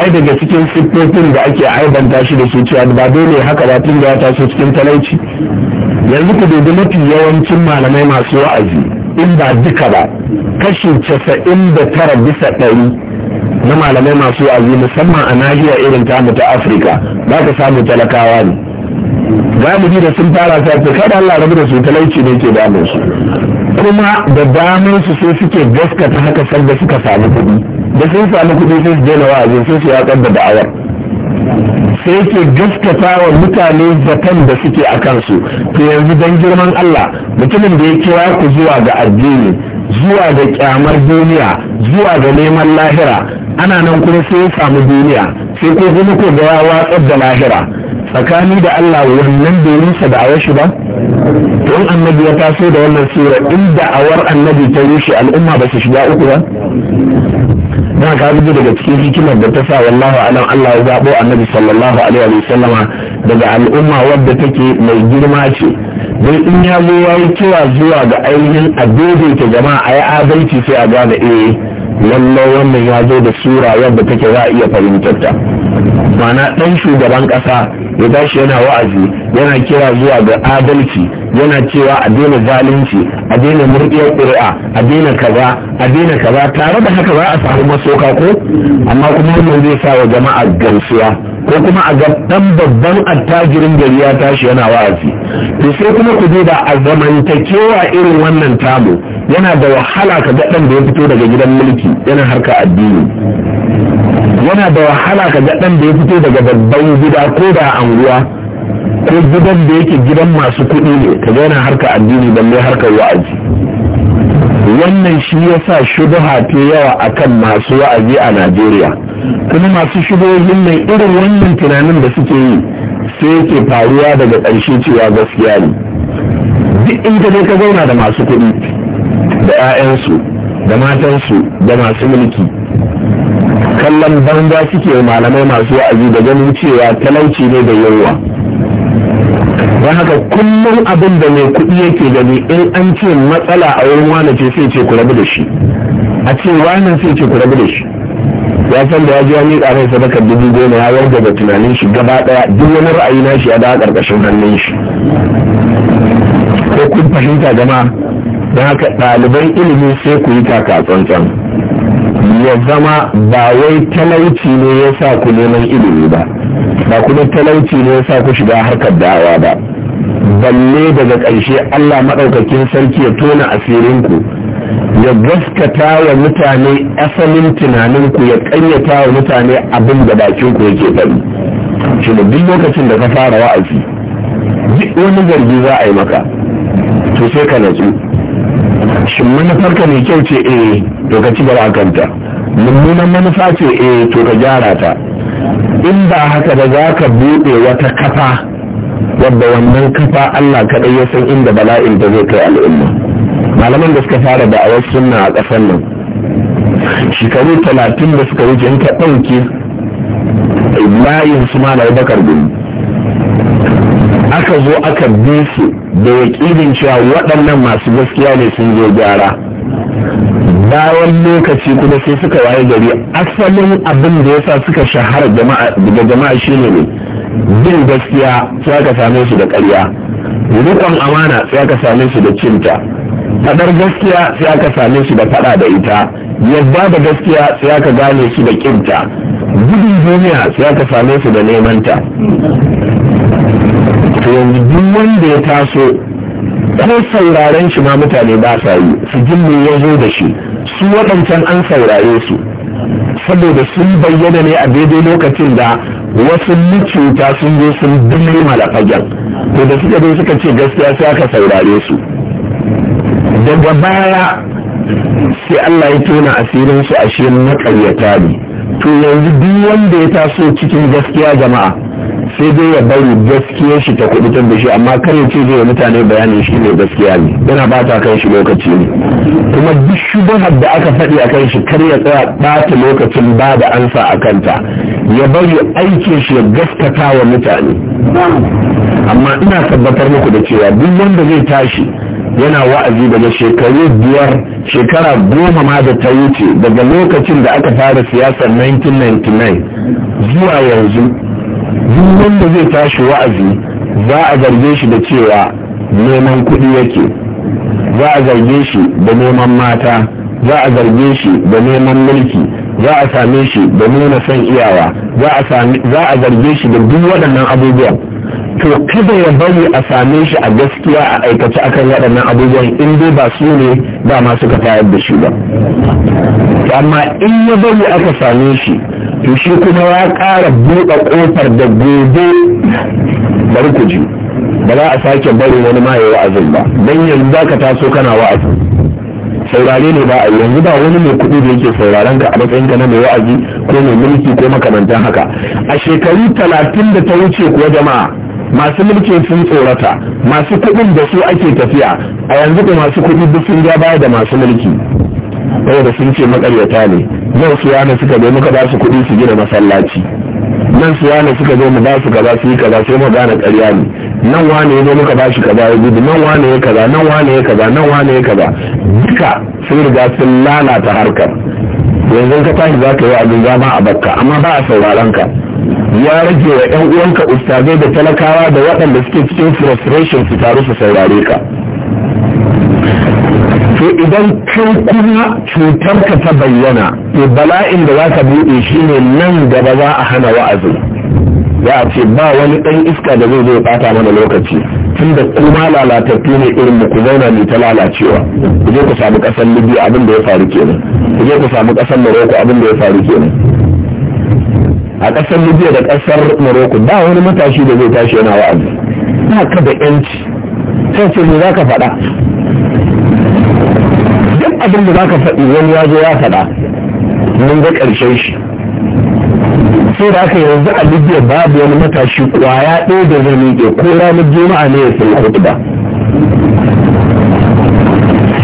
ai daga cikin siffofin da ake aibanta shi da su cewa ba dole haka ba tun da ya taso cikin talauci yanzu ku dubi mafi yawancin malamai masu wa'azi in ba duka ba kashi casa'in da tara bisa ɗari na malamai masu wa'azi musamman a nahiyar irin tamu ta afirka ba ka samu talakawa ne galibi da sun fara sa ce kada Allah rabu da su talauci ne ke damun su kuma da damar su sai suke gaskata haka san da suka samu kuɗi da sun samu kuɗi sai su daina wa'azi sai su yaƙar da da'awar sai ke gaskata wa mutane zaton da suke a kansu to yanzu dan girman Allah mutumin da ya kira ku zuwa ga addini zuwa ga kyamar duniya zuwa ga neman lahira ana nan kuma sai ya samu duniya sai ko kuma ko ga ya watsar da lahira tsakani da Allah wannan domin sa da shi ba to in annabi ya taso da wannan sura in awar annabi ta rushe al'umma ba su shiga uku ba na ka daga cikin hikimar da ta sa wallahu alam Allah ya zabo annabi sallallahu alaihi wa sallama daga al'umma wadda take mai girma ce don in ya zo yayi zuwa ga ainihin a ta jama'a a yi adalci sai a gane eh lallai wannan ya zo da sura wadda take za a iya fahimtar ta ma'ana ɗan shugaban ƙasa ya tashi yana wa'azi yana kira zuwa ga adalci yana cewa a daina zalunci a daina murɗiyar ƙuri'a a daina kaza a daina kaza tare da haka za a samu masoka ko amma kuma wannan zai sa wa jama'a gamsuwa ko kuma a gaɗan babban attajirin gari ya tashi yana wa'azi to sai kuma ku je a zamantakewa irin wannan tamu yana da wahala ka ga da ya fito daga gidan mulki yana harka addini yana da wahala ka ga ɗan da ya fito daga babban gida ko da anguwa ko gidan da yake gidan masu kuɗi ne ka ga yana harka addini ban mai harka wa'azi wannan shi ya sa shubuha ta yawa akan masu wa'azi a najeriya kuma masu shubuhohin mai irin wannan tunanin da suke yi sai yake faruwa daga ƙarshe cewa gaskiya ne duk inda dai ka zauna da masu kuɗi da 'ya'yansu da matansu da masu mulki kallon banza suke malamai masu wa'azi da ganin cewa talauci ne da yawa don haka kullum abin da mai kuɗi yake gani in an ce matsala a wurin wane ce sai ce ku rabu da shi a ce wane sai ce ku da shi ya san da ya ji wani ƙarar sadakar dubu goma ya warga da tunanin shi gaba ɗaya duk wani ra'ayi na shi ya dawo ƙarƙashin hannun shi ko kun fahimta gama don haka ɗaliban ilimi sai ku yi kaka tsantsan ya zama ba wai talauci ne ya sa ku neman ilimi ba ba kuma talauci ne ya sa ku shiga harkar dawa ba balle daga ƙarshe allah maɗaukakin sarki ya tona asirinku ya gaskata wa mutane asalin tunaninku ya ƙanyata wa mutane abin da bakinku yake faɗi shi da duk lokacin da ka fara wa'azi duk wani zargi za a yi maka to sai ka natsu shin manufarka mai kyau ce eh to ka ci gaba kanta mummunan manufa ce eh to ka gyara ta in ba haka ba za ka buɗe wata kafa wadda wannan kafa Allah kaɗai ya san inda bala'in da zai kai al'umma malaman da suka fara da'awar sunna a ƙasar nan shekaru talatin da suka wuce in ka ɗauke layin su ma bakar aka zo aka bi su da ƙirin cewa waɗannan masu gaskiya ne sun zo gyara bayan lokaci kuma sai suka waye gari asalin abin da yasa suka shahara daga jama'a shine ne bin gaskiya sai aka same su da ƙarya rikon amana sai aka same su da cinta fadar gaskiya sai aka same su da faɗa da ita yadda da gaskiya sai aka gane su da kinta gudun duniya sai aka same su da nemanta yanzu duk wanda ya taso ko sauraren shi ma mutane ba sa yi su jin me ya zo da shi su waɗancan an saurare su saboda sun bayyana ne a daidai lokacin da wasu licuta sun zo sun dimle malafagen to da suka zo suka ce gaskiya sai aka saurare su daga baya sai Allah ya tona asirin su ashe na ƙaryata ne to yanzu duk wanda ya taso cikin gaskiya jama'a sai dai ya bari gaskiyar shi ta tun da shi amma kar ya ce zai mutane bayani shi ne gaskiya ne yana bata kan shi lokaci ne kuma duk shubahar da aka faɗi a kan shi kar ya tsaya ɓata lokacin ba da ansa a kanta ya bari aikin shi ya gaskata wa mutane amma ina tabbatar muku da cewa duk wanda zai tashi yana wa'azi daga shekaru biyar shekara goma ma da ta wuce daga lokacin da aka fara siyasar 1999 zuwa yanzu duk wanda zai tashi wa'azi za a zarge shi da cewa neman kuɗi yake za a zarge shi da neman mata za a zarge shi da neman mulki za a same shi da nuna son iyawa za a zarge shi da duk waɗannan abubuwan to kada ya bari a same shi a gaskiya a aikace akan waɗannan abubuwan in dai ba su ne ba ma suka tayar da shi ba amma in ya bari aka same shi to shi kuma ya ƙara buɗe ƙofar da gobe bari ku ji ba za a sake bari wani ma ya wa'azin ba don yanzu za ka taso kana wa'azi saurare ne ba a yanzu ba wani mai kuɗi da yake sauraron ka a matsayin ka na mai wa'azi ko mai mulki ko makamantan haka a shekaru talatin da ta wuce kuwa jama'a masu mulkin sun tsorata masu kuɗin da su ake tafiya a yanzu da masu kuɗi duk sun ja baya da masu mulki saboda sun ce makaryata ne yau su yana suka zo muka ba su kuɗi su gina masallaci nan su yana suka zo mu ba su kaza su yi kaza sai mu gane ƙarya ne nan wane ya zo muka ba shi kaza ya gudu nan wane ya kaza nan wane ya kaza nan wane ya kaza duka sun riga sun lalata harkar yanzu ka tashi za ka yi abin zama a bakka amma ba a sauraron ka ya rage wa ɗan uwanka ustazai da talakawa da waɗanda suke cikin frustration su taru su saurare ka to idan kan kuma cutar ka ta bayyana to bala'in da za ka buɗe shine nan gaba za a hana wa'azi za a ce ba wani ɗan iska da zai zo ɓata mana lokaci tun da kuma lalatattu ne irin mu ku zauna ne ta lalacewa ku je ku samu ƙasar libya abin da ya faru kenan ku je ku samu ƙasar maroko abin da ya faru kenan a ƙasar libya da ƙasar morocco ba wani matashi da zai tashi yana wa'azi ba ka da yanci sai ce ne za ka faɗa duk abin da za ka faɗi wani ya zo ya faɗa mun ga ƙarshen shi sai da aka yanzu a libya babu wani matashi kwaya ɗaya da zai miƙe ko ranar juma'a ne ya sun hutuba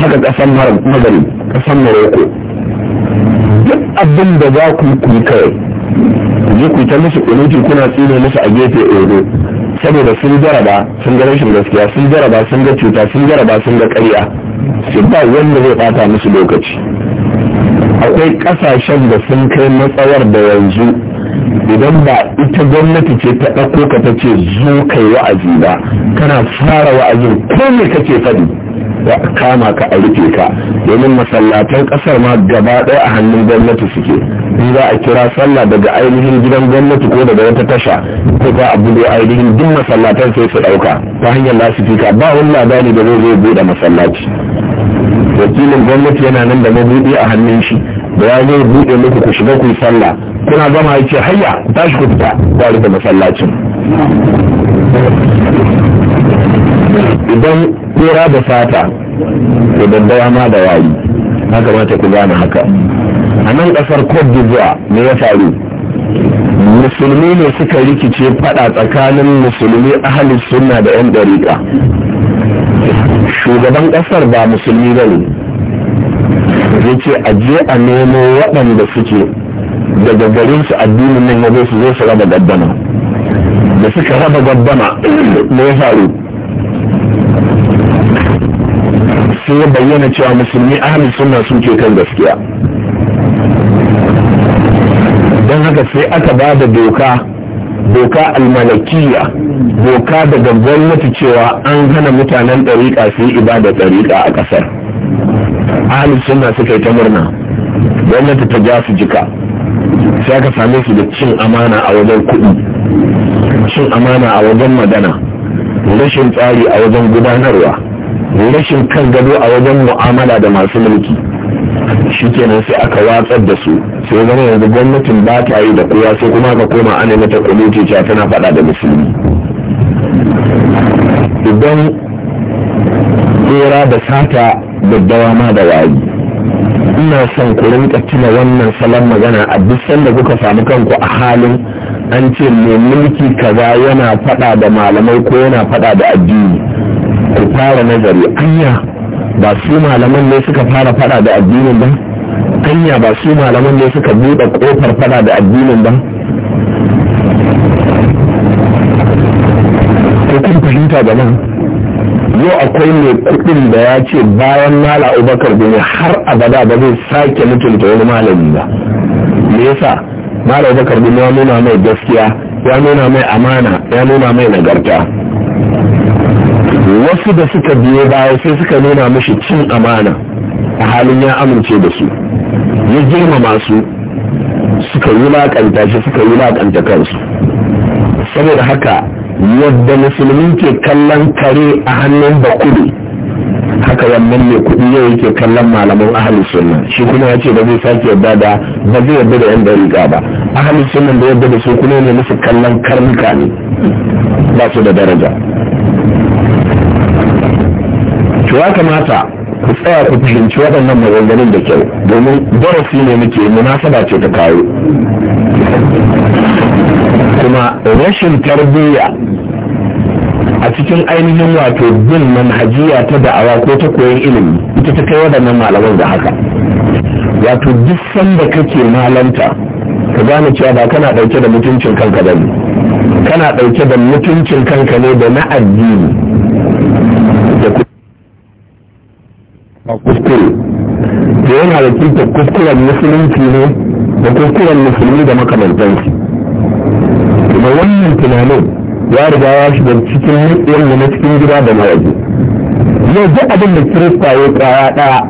haka ƙasar magani ƙasar morocco duk abin da za ku yi kawai je ku ta musu kunuti kuna tsine musu a gefe odo saboda sun jaraba sun ga rashin gaskiya sun jaraba sun ga cuta sun jaraba sun ga ƙarya su ba wanda zai bata musu lokaci akwai ƙasashen da sun kai matsawar da yanzu idan ba ita gwamnati ce ta ɗauko ka ta ce zo yi wa'azi ba kana fara wa'azin ko me kake faɗi kama ka a rufe ka domin masallatan ƙasar ma gaba ɗaya a hannun gwamnati suke in za a kira sallah daga ainihin gidan gwamnati ko daga wata tasha ko ba a buɗe ainihin duk masallatan sai su ɗauka ta hanyar lasifika ba wani labari da zai zai buɗe masallaci wakilin gwamnati yana nan da mabuɗi a hannun shi da ya zai buɗe muku ku shiga ku yi sallah kuna gama ya ce hayya ku tashi ku fita za rufe masallacin idan kura da fata da daddawa ma da wayi na kamata ku gane haka a nan kasar cote d'ivoire me ya faru musulmi ne suka rikice fada tsakanin musulmi ahalin sunna da 'yan dariƙa shugaban kasar ba musulmi ba ne ya ce a je a nemo waɗanda suke daga garin su addinin nan ya su zo su raba gaddama da suka raba gaddama me ya faru sai ya bayyana cewa musulmi ahli sunna sun ke kan gaskiya don haka sai aka ba da doka doka almalakiya doka daga gwamnati cewa an hana mutanen ɗariƙa su yi ibada ɗariƙa a ƙasar Ahli sunna suka yi ta murna gwamnati ta ja su jika sai ka same su da cin amana a wajen kuɗi cin amana a wajen magana rashin tsari a wajen gudanarwa rashin kan gado a wajen mu'amala da masu mulki shi kenan sai aka watsar da su sai zama yanzu gwamnatin ba ta yi da kowa sai kuma ka koma ana mata kuluti cewa tana faɗa da musulmi idan tsira da sata da dawama da wayi ina son ku rinka tuna wannan salon magana a duk sanda kuka samu kanku a halin an ce mai mulki kaza yana faɗa da malamai ko yana faɗa da addini ku fara nazari anya ba su malaman ne suka fara faɗa da addinin ba anya ba su malaman ne suka buɗe kofar faɗa da addinin ba ko kun fahimta nan yau akwai mai kuɗin da ya ce bayan mala abubakar bin har abada ba zai sake mutunta wani malami ba me yasa mala abubakar bin ya nuna mai gaskiya ya nuna mai amana ya nuna mai nagarta wasu da suka biyo baya sai suka nuna mashi cin amana a halin ya amince da su ya girmama su suka yi laƙanta shi suka yi laƙanta kansu saboda haka yadda musulmi ke kallon kare a hannun bakuri haka wannan mai kuɗi yau yake kallon malaman ahli sunan shi kuma ya ce ba zai sake yadda da ba zai yadda da yan dariƙa ba ahli sunan da yadda da su kuma ne musu kallon karnuka ne ba su da daraja to ya kamata ku tsaya ku fahimci waɗannan maganganun da kyau domin darasi ne muke munasaba ce ta kayo kuma rashin tarbiyya a cikin ainihin wato bin manhajiya ta da'awa ko ta koyon ilimi ita ta kai waɗannan malaman da haka wato duk sanda kake malanta ka gane cewa ba kana ɗauke da mutuncin kanka ba ne kana ɗauke da mutuncin kanka ne da na addini da kuskure da yana da kuskuren musulunci ne da kuskuren musulmi da makamantansu da wannan tunanin ya riga ya shiga cikin mutsiyar na cikin gida da mawaje yau duk abin da kirista ya kwaya ɗaya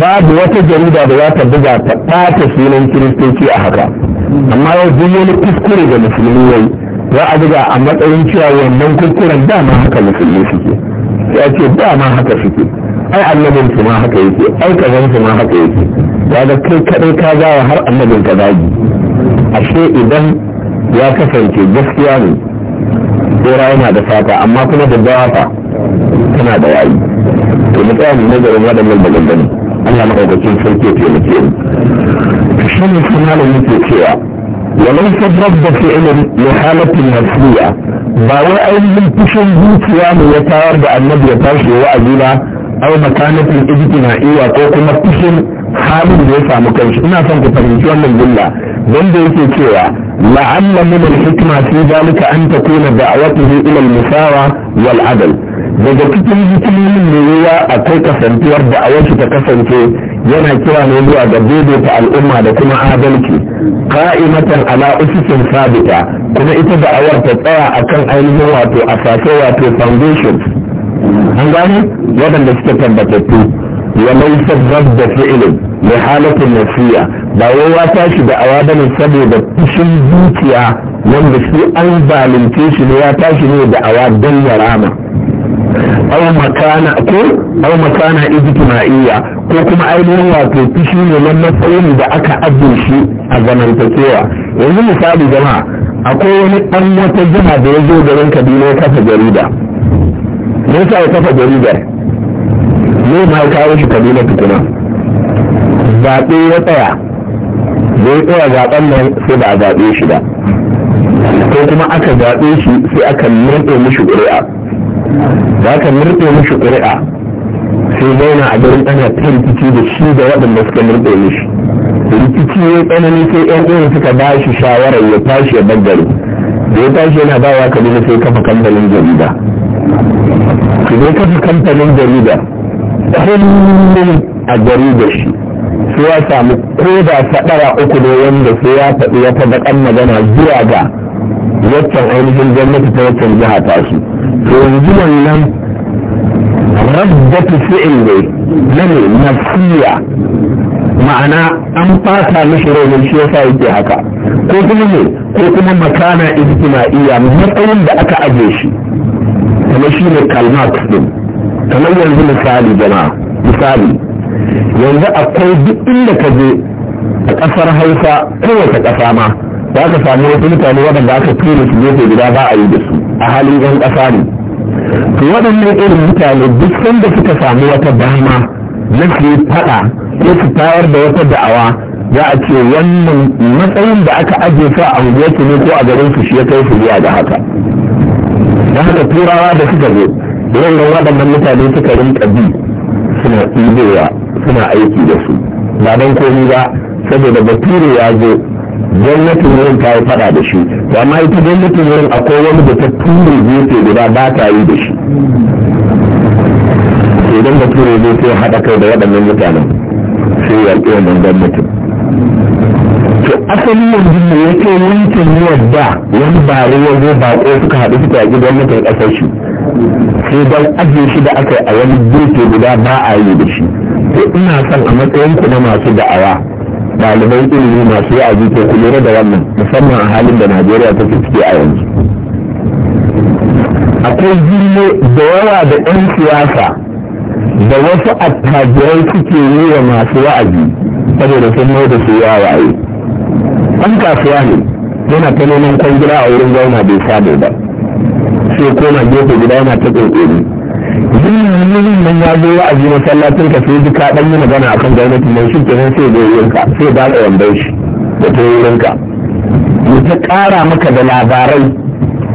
babu wata jarida da za ta buga ta ɓata sunan kiristoci a haka amma yau duk wani kuskure da musulmi yayi za a buga a matsayin cewa wannan kuskuren dama haka musulmi suke ya ce dama haka suke ai annabin su ma haka yake ai kazan su ma haka yake ya da kai kaɗai ka gawa har annabin ka zagi ashe idan ya kasance gaskiya ne tsora yana da fata amma kuma da dawafa tana da yayi to mu tsaya mu nazarin waɗannan maganganu Allah madaukakin sarki ya taimake mu shi ne kuma da yake cewa وليس الرد فعل لحالة نفسية باوي أي من تشن zuciya ne ya tayar da annabi ya tashi wa azila au makanatin ijtima'iyya ko kuma tushen halin da ya samu kanshi ina son ku fahimci wannan jumla wanda yake cewa la'alla min al-hikma fi zalika an takuna da'watuhu ila al-musawa wal adl daga cikin hikimomin ne yawa akwai kasantuwar da'awar ta kasance yana kira ne zuwa ga daidaita al'umma da kuma adalci ka'imatan ala sabita kuma ita da'awar ta tsaya akan ainihin wato asasai wato foundation an gane waɗanda suke tabbatattu wa da rabba fi'lin li halatin nafsiya ba wai ya tashi da awa bane saboda fushin zuciya wanda shi an zalunce shi ne ya tashi ne da awa dan ya rama aw makana ko aw makana ijtima'iyya ko kuma ainihin wato fushi ne na matsayin da aka ajiye shi a zamantakewa yanzu misali jama'a akwai wani ɗan wata jama'a da ya zo garin kaduna ya kafa jarida me yasa ya kafa jaridar zai ma kawo shi kaduna tukuna zaɓe ya tsaya zai tsaya zaɓen nan sai ba a zaɓe shi ba ko kuma aka zaɓe shi sai aka murɗe mishi ƙuri'a da aka murɗe mishi ƙuri'a sai zauna a garin ana ta rikici da shi da waɗanda suka murɗe mishi rikici ya tsanani sai yan uwan suka ba shi shawarar ya tashi ya bangare da ya tashi yana bawa kaduna sai kafa kamfanin jarida. Ki kafa kamfanin jarida kullum a gari da shi sai ya samu ko da faɗara uku da wanda sai ya faɗi wata baƙan magana zuwa ga waccan ainihin gwamnati ta waccan jiha ta shi to yanzu wannan rabbatu fi'il ne na nafsiya ma'ana an fata mishi raunin shi ya sa yake haka ko kuma ne ko kuma makana ijtima'iyya matsayin da aka aje shi kuma shi ne kalmar din kamar yanzu misali jama'a misali yanzu akwai duk inda ka je a ƙasar hausa kowace ƙasa ma za ka sami wasu mutane waɗanda aka tura su gefe guda ba a yi da su a halin yan ne to waɗannan irin mutane duk sanda suka sami wata dama na su faɗa ko su tayar da wata da'awa za a ce wannan matsayin da aka ajiye su a unguwarsu ne ko a garin su shi ya kai su zuwa ga haka da haka turawa da suka zo wannan waɗannan mutane suka rinka bi suna ɗibowa suna aiki da su ba don komi ba saboda bature ya zo gwamnatin wurin ta yi fada da shi to amma ita gwamnatin wurin akwai wani da ta ture gefe guda ba ta yi da shi idan bature zai sai haɗa kai da waɗannan mutanen sai ya ƙi wannan gwamnatin to asali yanzu ne ya ce wancan yadda wani bare wanzu ba ko suka haɗu suka yaƙi gwamnatin ƙasar shi sai don ajiye shi da aka yi a wani gefe guda ba a yi da shi to ina son a matsayin ku na masu da'awa ɗaliban ilimi masu yi a ko ku lura da wannan musamman a halin da najeriya take ciki a yanzu akwai jirgin da yawa da 'yan siyasa da wasu attajirai suke yi wa masu wa'azi saboda sun mai da su waye an kasuwa ne yana ta neman kwangila a wurin gwamna bai sabo ba ko na koma gefe guda yana ta kokori yin nan ya zo wa'azi masallacin ka sai duka ka dan yi magana akan gwamnati mai shi kenan sai ya yi ka sai ba ka wanda shi da ta yi ka ya ta kara maka da labarai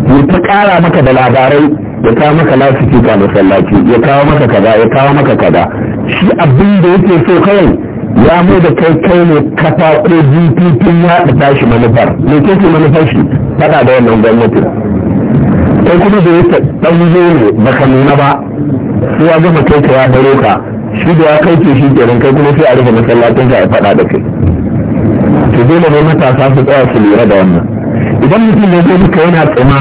ya ta kara maka da labarai ya kawo maka lasiki ka masallaci ya kawo maka kaza ya kawo maka kaza shi abin da yake so kawai ya mai da kai kai ne kafa ko ɗaya ya da tashi manufar me ke manufar shi faɗa da wannan gwamnatin kai kuma da yake dan zo ne baka nuna ba sai ya gama kai ka ya daro ka shi da ya kai ke shi kenan kai kuma sai a rufe masallacin ka ya faɗa da kai to dole ne matasa su tsaya su lura da wannan idan mutum ya zo duka yana tsima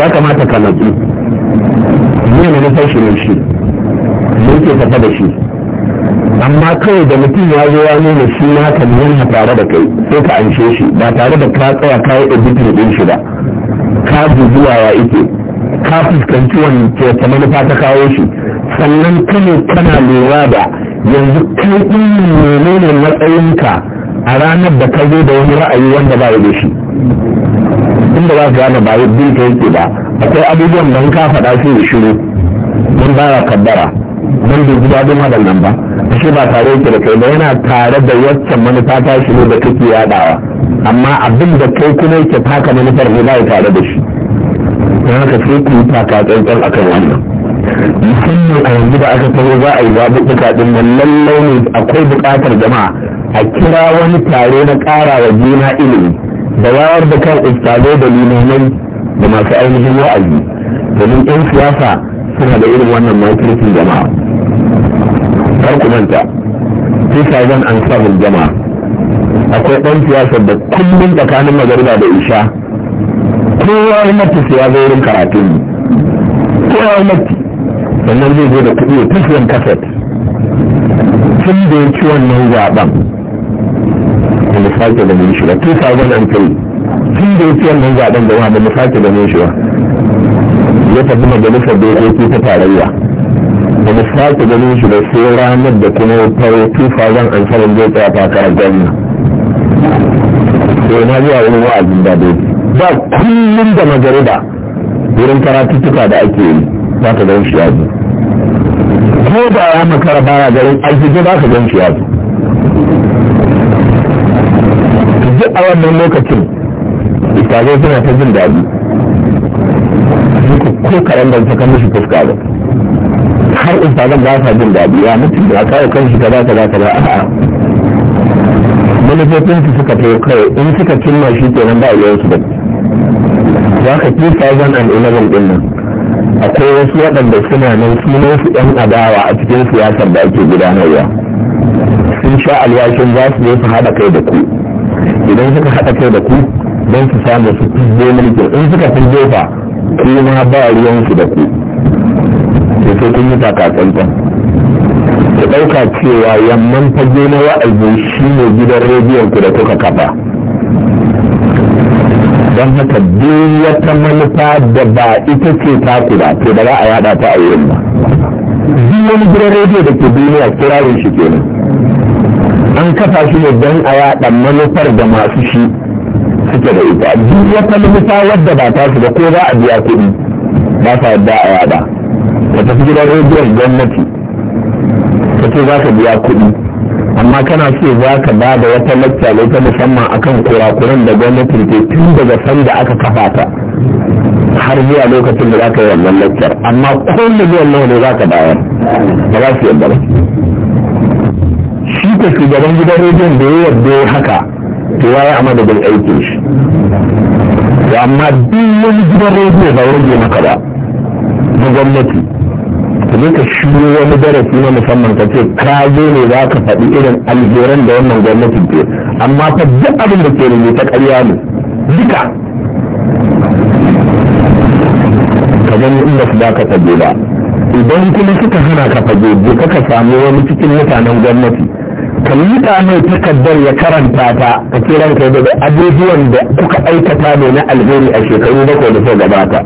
ya kamata ka nutsu, ne na nufar shi ne shi ne ke tafa da shi amma kawai da mutum ya zo ya nuna shi na kan yana tare da kai sai ka anshe shi ba tare da ka tsaya kayi editin din shi ba ka zuwa ya ike ka fuskanci wani ta manufa ta kawo shi sannan kane kana lura da yanzu kai ɗin ne matsayinka a ranar da ka zo da wani ra'ayi wanda ba da shi inda za ka gane ba bin ka yake ba akwai abubuwan da ka faɗa su da shiru mun ba kabbara. don bai ji daɗin waɗannan ba shi ba tare yake da kai ba yana tare da waccan manufa ta shi da kake yaɗawa amma abin da kai kuma yake taka manufar ne ba tare da shi don haka sai ku yi taka tsantsan a kan wannan musamman a yanzu da aka taho za a yi zaɓuɓɓuka ɗin nan lallai ne akwai buƙatar jama'a a kira wani tare na ƙara wa juna ilimi da wayar da kan ustazai da limamai da masu ainihin wa'azi domin 'yan siyasa suna da irin wannan makirkin jama'a kumanta kar ku an samun jama'a akwai ɗan siyasa da kullum tsakanin magariba da isha kowa ya mace siya zai wurin karatun kowa ya mace sannan zai zo da kuɗi ya tafiyan kaset tun da ya ci wannan zaɓen da sake da mun shiga 2003 tun da ya ci wannan zaɓen da wa da sake da mun shiga ya tafi majalisar dokoki ta tarayya da mu sake ganin shi da sai ranar da kuma tufa ta 2007 zai tsaya takarar gani sai na zuwa wani wa'azin da dai ba kullum da magariba wurin karatuttuka da ake yi za ka gan shi zo ko da ya makara baya garin arziki za ka gan shi yazo duk a wannan lokacin istazai suna ta jin daɗi ko karen ban kan mishi fuska ba har in ba sa jin daɗi ya mutum da kawo kanshi ka za ka za ka ba a'a manufofin su suka to kai in suka cimma shi kenan ba iya su ba za ka ki fazan an ilabin din nan akwai wasu waɗanda suna nan sunan su ɗan adawa a cikin siyasar da ake gudanarwa sun sha alwashin za su zo su haɗa kai da ku idan suka haɗa kai da ku don su samu su fizge mulkin in suka fizge fa kuma ba su da ku da sai kun yi takatsantsan ku ɗauka cewa yamman fage na wa'azi shi ne gidan rediyon ku da kuka kafa don haka duk wata manufa da ba ita ce ta ba to ba za a yada ta a wurin ba duk wani gidan rediyo da ke duniya kirarin shi kenan an kafa shi ne don a yada manufar da masu shi suke da ita duk wata limita wadda ba ta ba ko za a biya kuɗi ba sa yadda a yada ka tafi gidan rediyon gwamnati ka ce za ka biya kuɗi amma kana ce za ka ba da wata lacca ne ta musamman akan kurakuran da gwamnati ke tun daga sanda aka kafa ta har zuwa lokacin da za ka yi wannan laccar amma ko miliyan nawa ne za ka bayar ba za su yadda ba shi ka shugaban gidan rediyon da ya yarda haka to ya yi amma da bai shi to amma duk wani gidan rediyo ba rage maka ba na gwamnati ka je ka shiro wani darasi na musamman ka ce ka zo ne za ka faɗi irin alheran da wannan gwamnatin ke amma fa duk abin da ke ta ƙarya ne duka ka gani inda su ka fage ba idan kuma suka hana ka fage je ka samu wani cikin mutanen gwamnati ka yi mai takardar ya karanta ta ka ce ranka ya daga abubuwan da kuka aikata ne na alheri a shekaru bakwai da suka gabata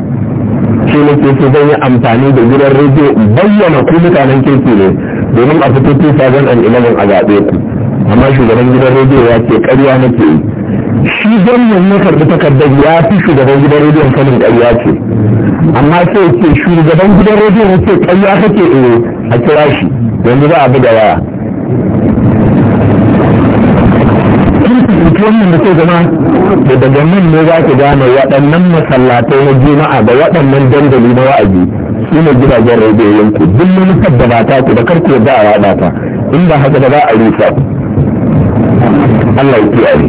shi ne ke ce zan yi amfani da gidan rediyo bayyana ku mutanen kirki ne domin a fito 2011 a zaɓe ku amma shugaban gidan rediyo ya ce ƙarya nake yi shi gwamnan na karɓi takardar ya fi shugaban gidan rediyon sanin ƙarya ce amma sai ce shugaban gidan rediyon ya ce ƙarya kake a kira shi yanzu za a buga waya fahimci wannan da ke zama da daga nan ne za ki gane waɗannan masallatai na juma'a da waɗannan dandali na wa'azi su ne gidajen rediyoyin ku duk manufar da ba ta ku da karku da a waɗa ta in ba haka da za a rusa Allah ya kiyaye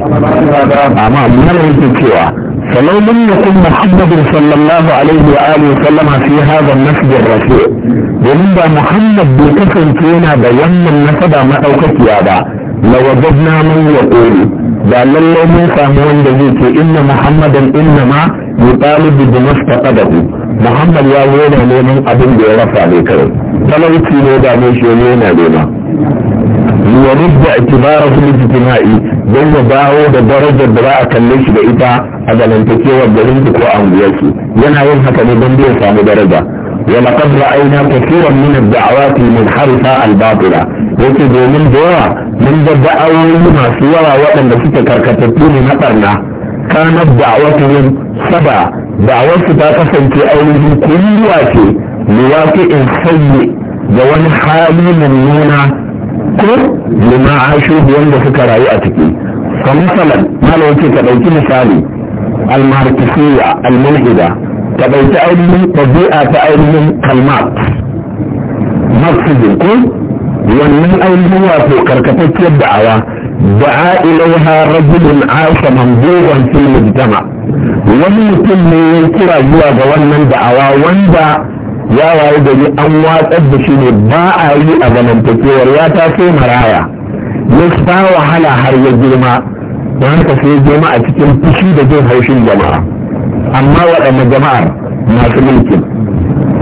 amma mana yake cewa فلو لم يكن محمد صلى الله عليه وآله وسلم في هذا النسج الرفيع domin ba muhammad bai kasance yana da wannan nasaba maɗaukakiya ba lawajadna man yaqulu da lallai mun samu wanda zai ce inna muhammadan inna ma yutalibu bi mustaqadahu muhammad ya zo da neman abin da ya rafa ne kawai talauci ne da ne shi ne yana nema wa rubda itibarahu lil ijtima'i dan ya dawo da darajar da za a kalle shi da ita a galantakewar garin ko anguwar yana yin haka ne don bai samu daraja ولقد رأينا كثيرا من الدعوات المنحرفة الباطلة وكذو من دورا من دد أولهما سورا وقد ستكر كتبتون مطرنا كانت دعوتهم سبا دعوة ستاقصن في أولهم كل واتي لواقع سيء جوان حالي من نونا كل لما عاشوا بيان دفك رأيئتك فمثلا ما لو كتبتين مثالي الماركسية الملحدة ta ɗauki ainihin ɗabi'a ta ainihin kalmat marxism ko wannan ainihin wato karkatacciyar da'awa da'a ilaiha rajulun asha mamduwan fil mujtama wani mutum ne ya kira zuwa ga wannan da'awa wanda ya waye gari an watsar da shi ne ba a yi a zamantakewar ya taso maraya ya sa wahala har ya girma don haka sai girma a cikin fushi da jin haushin jama'a amma waɗanne jama'ar masu mulkin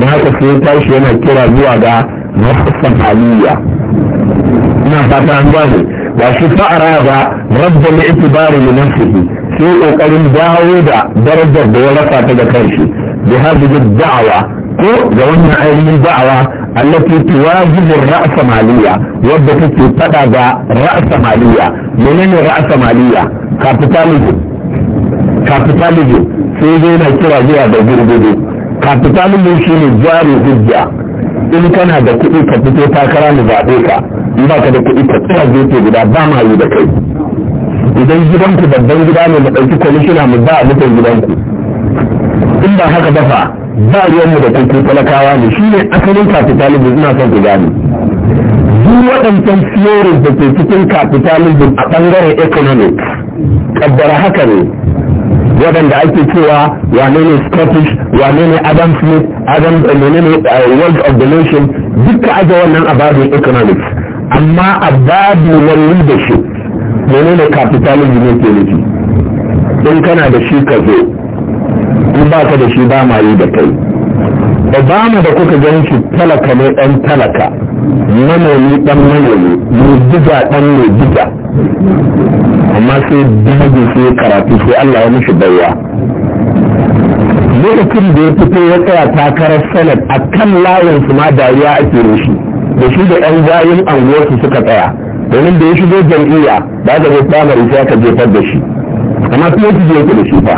da haka sai tashi yana kira zuwa ga muhassan aliyya ina fata an gane ba shi fa'ara ba rabba na itibari na nafsihi sai kokarin dawo da darajar da ya rasa ta da kanshi bi hadhihi da'awa ko ga wannan ainihin da'awa allati tuwajibu ra'sa maliya wadda take fada ga ra'sa maliya menene ra'sa maliya capitalism capitalism sai zai na kira zuwa da gurgudu capitalism shi ne jari hujja in kana da kuɗi ka fito takara mu zaɓe ka in ba ka da kuɗi ka tsira gefe guda ba ma yi da kai idan gidanku babban gida ne mu ɗauki kwamishina mu ba a nufin gidanku in ba haka ba fa ba ruwanmu da kuku talakawa ne shi ne asalin capitalism ina son ku gane duk waɗancan theories da ke cikin capitalism a ɓangaren economic ƙaddara haka ne wadanda ake cewa wane ne scottish wane ne adam smith adam wane eh, ne eh, world of the nation duka aga wannan a economics amma a na leadership wane ne capitalism ne ke nufi in kana da shi ka zo in ba ka da shi ba ma yi da kai mu da kuka gan shi talaka ne dan talaka manomi dan manomi mai diga dan mai diga amma sai daji sai karatu sai Allah ya mishi baiwa lokacin da ya fito ya tsaya takarar senate a kan layin su ma dariya ake mishi da shi da ɗan gayin anguwarsu suka tsaya domin da ya shigo jam'iyya ba da zai tsamar sai aka jefar da shi amma sai ya fi da shi fa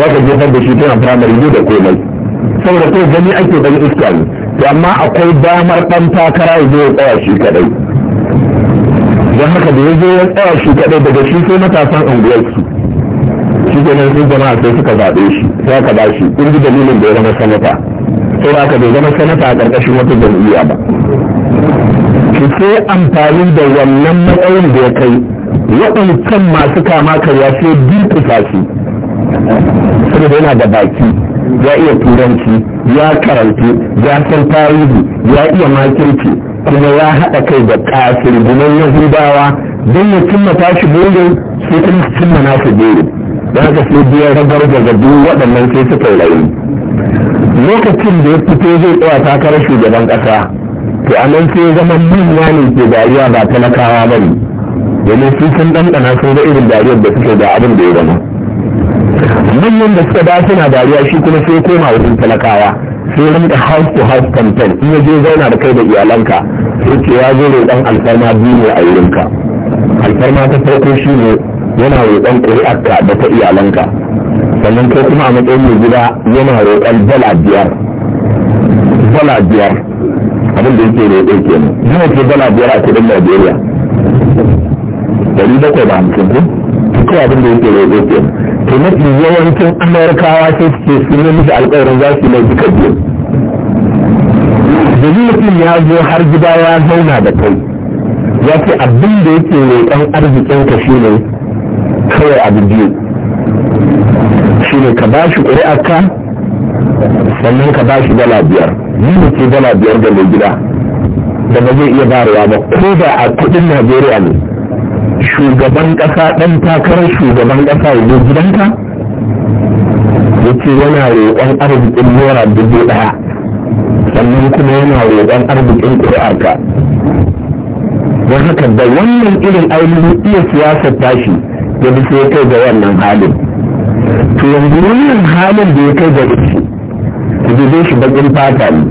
ya ka jefar da shi tana yi da komai saboda kai gani ake dan iska ne to amma akwai damar dan takara ya zo ya tsaya shi kadai don haka da ya zo ya tsaya shi kadai daga shi sai matasan unguwarsu shi ke nan sun jama'a sai suka zaɓe shi sai aka ba shi in ji dalilin da ya zama sanata sai ba aka bai zama sanata a ƙarƙashin wata jam'iyya ba shi sai amfani da wannan matsayin da ya kai waɗancan masu kama karya sai bin su saboda yana da baki ya iya turanci ya karatu ya san tarihi ya iya makirci kuma ya haɗa kai da kafir gunan yahudawa don ya cimma tashi bude sai kuma cimma nasu bude da haka sai biyar ragar daga duk waɗannan sai suka rayu lokacin da ya fito zai tsawa takarar shugaban ƙasa to a nan sai zama manya ne ke dariya ba talakawa ba ne domin sun san ɗanɗana sun ga irin dariyar da suke da abin da ya zama manyan da suka dace na dariya shi kuma sai koma wajen talakawa sai da house to house campaign in ya je zauna da kai da iyalanka sai ce ya zo roƙon alfarma biyu ne a wurinka alfarma ta farko shi ne yana roƙon ƙuri'arka da ta iyalanka sannan kai kuma a matsayin mai gida yana roƙon dala biyar dala biyar abin da yake ke kenan yana ce dala biyar a kudin najeriya ɗari bakwai da hamsin ko ko abin da yake roƙo ke to mafi yawancin amurkawa sai suke suna musu alƙawarin za su mai ka biyu da mutum ya zo har gida ya zauna da kai ya ce abin da yake roƙon arzikin ka ne kawai abu biyu ne ka ba shi ka sannan ka ba shi dala biyar ni ce dala biyar da mai gida da ba zai iya barewa ba ko da a kuɗin najeriya ne shugaban ƙasa ɗan takarar shugaban ƙasa ya zo gidanka ya ce yana roƙon arzikin naira dubu ɗaya sannan kuma yana roƙon arzikin ƙuri'arka don haka da wannan irin ainihin iya siyasar tashi ya bi sai kai ga wannan halin to yanzu wannan halin da ya kai ga shi ku shi baƙin fata ne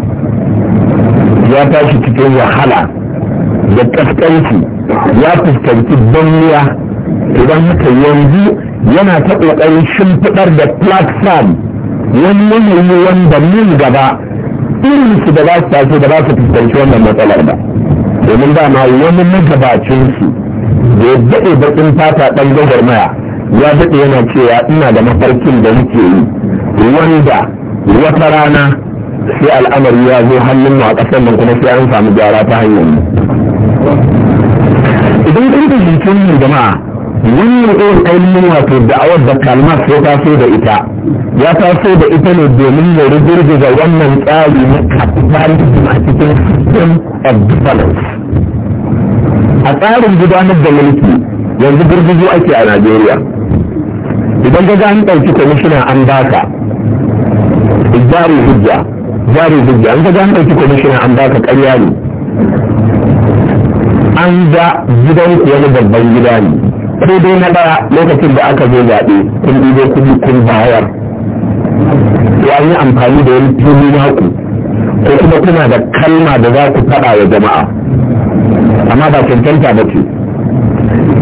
ya tashi cikin wahala da kaskanci ya fuskanci danniya idan haka yanzu yana ta ƙoƙarin shimfiɗar da platform wani yanayi wanda mun gaba irin su da ba su da ba su fuskanci wannan matsalar ba domin dama wani magabacinsu da ya daɗe baƙin fata ɗan maya ya daɗe yana cewa ina da mafarkin da nake yi wanda wata rana sai al'amari ya zo hannun mu a ƙasar nan kuma sai an samu gyara ta hanyar mu idan kun fahimci mu jama'a wannan irin ainihin wato da'awar da kalmar ya taso da ita ya taso da ita ne domin ya ga wannan tsari na capitalism a cikin system of governance a tsarin gudanar da mulki yanzu girgizo ake a najeriya idan ga an ɗauki kwamishina an baka jari hujja jari hujja an ga an ɗauki kwamishina an baka ƙarya ne an ga gidan ku wani babban gida ne sai dai na ɗaya lokacin da aka zo zaɓe kun ɗibo kuɗi kun bayar ya yi amfani da wani fili naku ko kuma kuna da kalma da za ku faɗa wa jama'a amma ba cancanta ba ce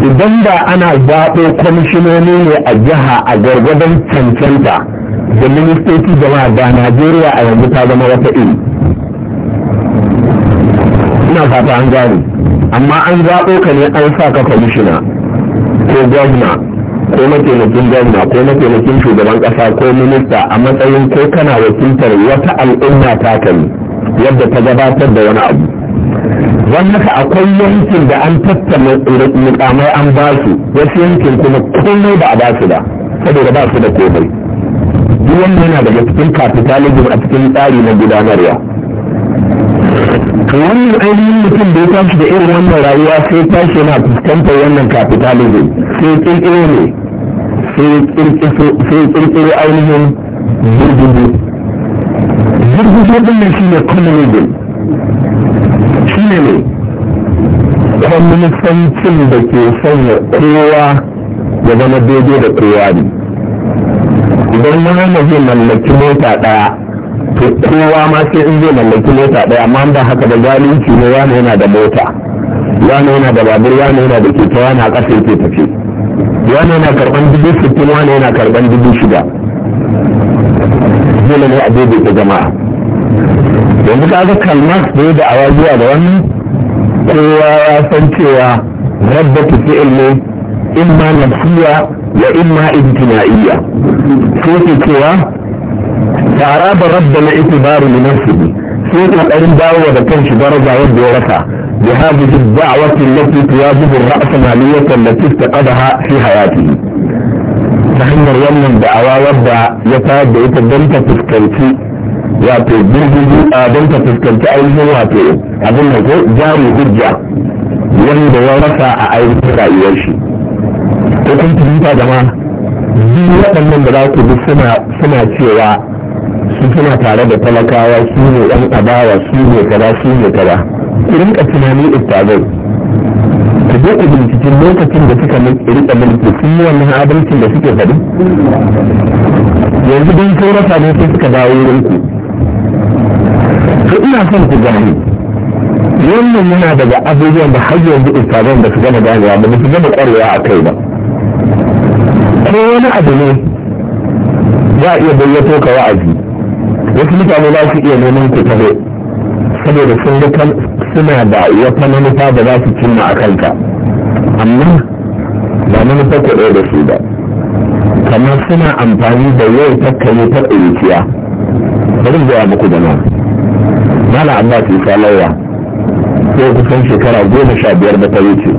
idan da ana zaɓo kwamishinoni ne a jiha a gwargwadon cancanta da ministoci jama'a da najeriya a yanzu ta zama wata iri ina fata an gane amma an zaɓo ka ne an sa ka kwamishina ko gwamna ko mataimakin gwamna ko mataimakin shugaban ƙasa ko minista a matsayin ko kana wakiltar wata al'umma ta ne yadda ta gabatar da wani abu wannan akwai yankin da an tattauna mukamai an ba su wasu yankin kuma komai ba a ba su ba saboda ba su da komai duk wannan yana daga cikin capitalism a cikin tsari na gudanarwa to wannan ainihin mutum da ya tashi da irin wannan rayuwa sai tashi yana fuskantar wannan capitalism sai kirkiro ne sai kirkiro ainihin gurgudu gurgudu din ne ne communism shi ne kwamnisancin da ke sanya kowa ya zama daidai da kowa ne idan wani zai mallaki mota ɗaya to kowa ma sai in zai mallaki mota ɗaya amma ba haka da zalunci ne wani yana da mota wani yana da babur wani yana da keke wani a ƙasa yake tafi wani yana karɓan dubu sittin wani yana karɓan dubu shida dole ne a daidaita jama'a yanzu ka ga kalmar da da awa zuwa da wani kowa ya san cewa rabba ta fi ilmi in ma nafsiya ya in ibtina'iyya ko ke cewa da araba rabba na itibaru li nafsihi sai kokarin dawowa da kanshi daraja yadda ya rasa bi hadhihi ad-da'wati allati tuwajibu ar-ra's maliyatan allati istaqadaha fi hayati ta hanyar wannan da'awa wadda ya tayar da ita don ta fuskanci wato girgiji a don ta fuskanci ainihin wato abin da ko jari hujja wanda ya rasa a ainihin rayuwar shi ko kun fahimta jama'a biyu waɗannan da za ku bi suna cewa su suna tare da talakawa su ne ɗan adawa su ne kaza su ne kaza ku rinka tunani ittabai ku je ku binciki lokacin da suka rika mulki sun yi wannan adalcin da suke faɗi yanzu don sun rasa ne sai suka dawo wurin ku to ina son ku gane wannan yana daga abubuwan da har yanzu ittabai ba su gama ganewa ba ba su gama ƙwarewa a kai ba ko wani abu ne za a iya bayyato ka wa'azi wasu mutane za su iya neman ku taho saboda sun ga suna da wata manufa da za su cimma a kanka amma ba manufa ku ɗaya da su ba kamar suna amfani da yau takkane ta ɗaukiya bari zuwa muku da nan mala su yi lauya yau kusan shekara goma sha biyar da ta wuce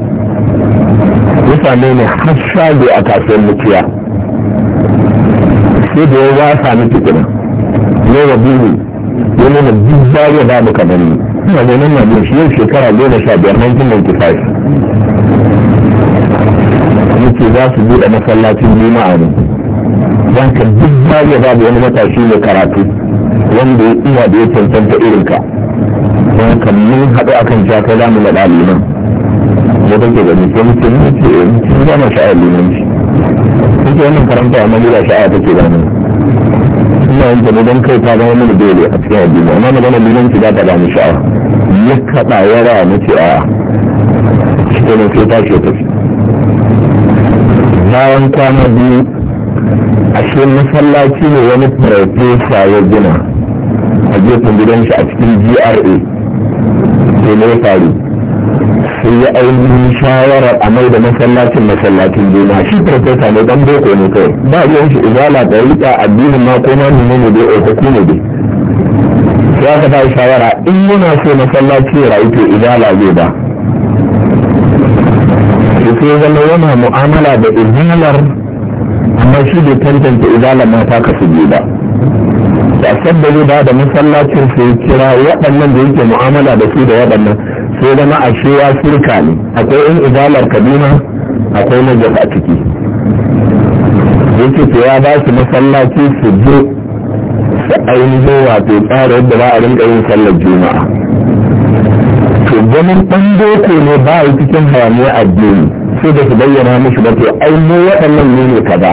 mutane ne har shago a kasuwar mukiya sai da ya wasa miki gina ya rabu ne ya nuna duk bariya ba mu kamar ni ina da nan na shi yau shekara goma sha biyar nan kin ninki fashi muke za su buɗe masallacin juma'a ne don ka duk ba da wani matashi mai karatu wanda ya iya da ya cancanta irinka don ka mun haɗu akan jaka za mu na ɗaliban da take gani ko mutum ne ce eh, mutum ba ma sha'ar limanci kuke wannan karanta amma ba sha'a take ba ne ina yin ne don kai ta zama mana dole a cikin addini amma magana limanci za ta ba mu sha'a ya kaɗa ya ba mu ce a shi ne sai ta ce tafi bayan kwana biyu a cikin masallaci ne wani farfesa ya gina a gefen gidan shi a cikin gra sai ne ya faru sai ya ainihin shawarar a mai da masallacin masallacin juna shi farfesa ne dan boko ne kai ba yin shi izala da rika addinin ma ko ma nuna ne dai eh, ofaku ne dai sai aka ba shawara in muna so masallaci ya rayu to izala zai ba sai zama yana mu'amala da izalar amma shi bai tantance izalar mata ka kasu biyu ba da sabda zai ba da masallacin su kira waɗannan da yake mu'amala da su da waɗannan sai zama ashewa ya shirka ne akwai in izalar kaduna akwai na a ciki yake ya ba su masallaci su je su ainihin wato tsara yadda ba a rinka yin sallar juma'a to ganin ɗan boko ne ba a cikin hayaniya addini sai da su bayyana mishi ba to ai mu waɗannan ne ne kaza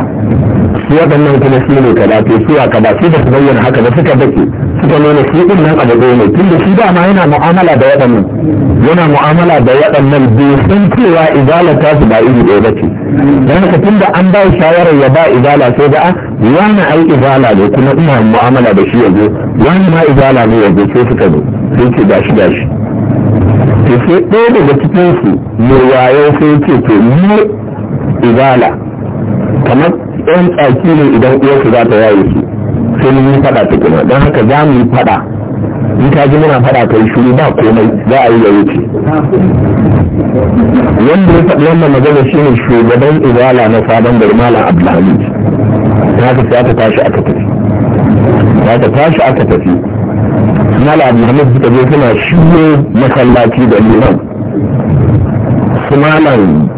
su waɗannan kuma su ne kaza ke, su a ba su da su bayyana haka ba suka bake suka nuna su din nan abu ɗaya Tun da shi dama yana mu'amala da waɗannan yana mu'amala da waɗannan bai san cewa izala ta su ba iri ɗaya bace dan haka tunda an ba shawarar ya ba izala sai da ah, wani ai izala ne kuma ina mu'amala da shi yanzu wani ma izala ne yanzu sai suka zo sai ce gashi gashi to sai ɗaya daga cikin su mai wayo sai ce to ni izala kamar ɗan tsaki ne idan uwarsu za ta yaye su sai mun yi faɗa kuma don haka za mu yi faɗa in ka ji muna faɗa kai shuru ba komai za a yi ya wuce wanda ya faɗi wannan magana ne shugaban izala na sabon garmala malam abdulhamid ta haka sai aka tashi aka tafi aka tashi aka tafi malam abdulhamid suka je suna shiyo masallaci da liman su malam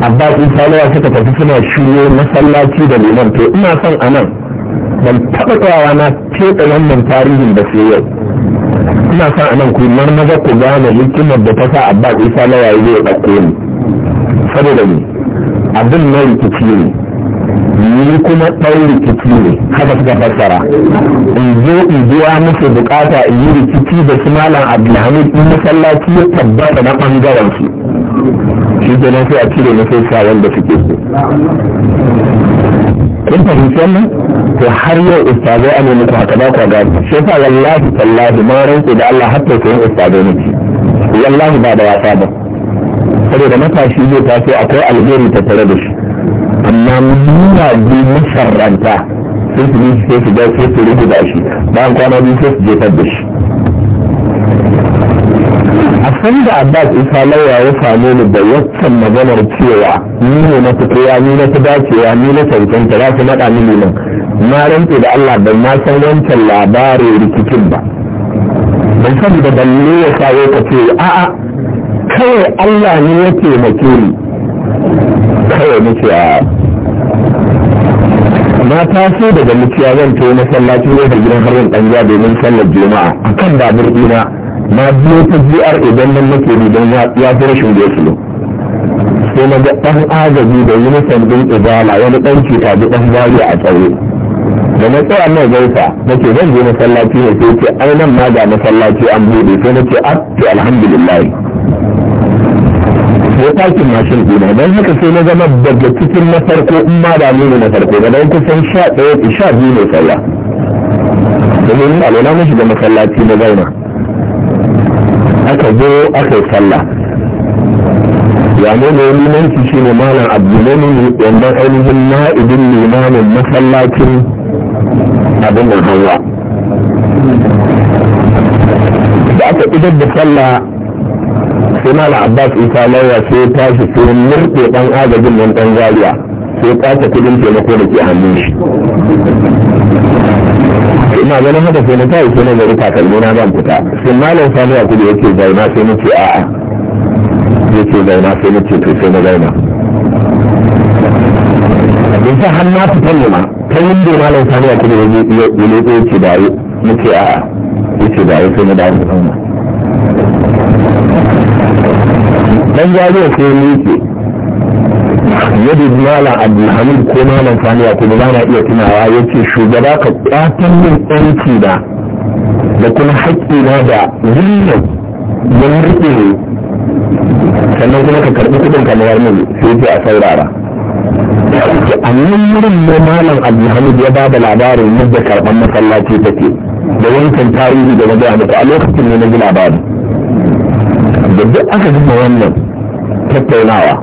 abba salawa suka tafi suna shiryo masallaci da liman to ina son a nan ban taɓa tsawa na keɓe wannan tarihin da su yau ina son a nan ku marmaza ku gane hikimar da ta sa abba isalawa ya zo ya ɗauko ni saboda ni abin na rikici ne ni kuma ɗan rikici ne haka suka fassara in zo in zuwa musu bukata in yi rikici da su malam abdulhamid in masallaci ya tabbata na ɓangaren su shi kenan sai a cire na sai sa wanda suke so kun fahimci wannan to har yau ustazai a nemi ku haka ba ku gani shi yasa wallahi tallahi ma rantsi da Allah har ta yin ustazai nake wallahi ba da wasa ba saboda matashi zai taso akwai alheri tattare da shi amma muna bi masarranta sai su bi sai su ga sai su rubuta shi bayan kwana biyu sai su je da shi a san da abbas isa lauya ya same ni da waccan maganar cewa ni ne na fitowa ni na fi dacewa ni na cancanta za su naɗa mini nan na rantse da allah ban ma san wancan labarin rikicin ba ban san da balle ya sa ka ce a'a kawai allah ne ya taimake ni kawai nake a na taso daga muciya zan to masallacin ne da gidan harin ɗanja domin sallar juma'a a kan babur ɗina na biyo ta jr idan nan nake ne don ya fi rashin gosulo sai na ga ɗan agaji da nufin ɗin ibala wani ɗan cuta da ɗan zariya a tsaye da na tsaya mai gaisa na ce zan je masallaci ne sai ce ainihin ma ga masallaci an buɗe sai na ce a ah, ya takin mashin ɗina don haka sai na zama daga cikin na farko in ma da ne na farko da don kusan sha ɗaya sha biyu ne sallah domin ina lona na shiga masallaci na zauna aka zo aka yi sallah ya nuna limanci shi ne malam abdulmumin wanda ainihin na'ibin limamin masallacin abin da hawa da aka idar da sallah sai mala abbas isa lauya sai ta shi sai murɗe ɗan agajin nan ɗan zaliya sai kwace kudin taimako da ke hannun shi ina ganin haka sai na tayi sai na gari takalmi na zan fita sai malam sani yaku da yake zauna sai na ce a'a yake zauna sai na to sai na zauna in sa har na fita ne ma ta yin da malam sani yaku da ya leƙo yake dawo na ce a'a yake sai na dawo zauna dan jariyar sai ya miƙe yadda malam abdulhamid ko malam saniya ko ba na iya tunawa ya ce shugaba ka kwatan min yanci na da kuma haƙƙi na da ya don ne sannan kuma ka karɓi kuɗin kamar na sai ce a saurara a nan wurin ne malam abdulhamid ya ba da labarin yadda karɓar masallaci take da wancan tarihi da na gaya muku a lokacin ne na ji labarin da duk aka gama wannan tattaunawa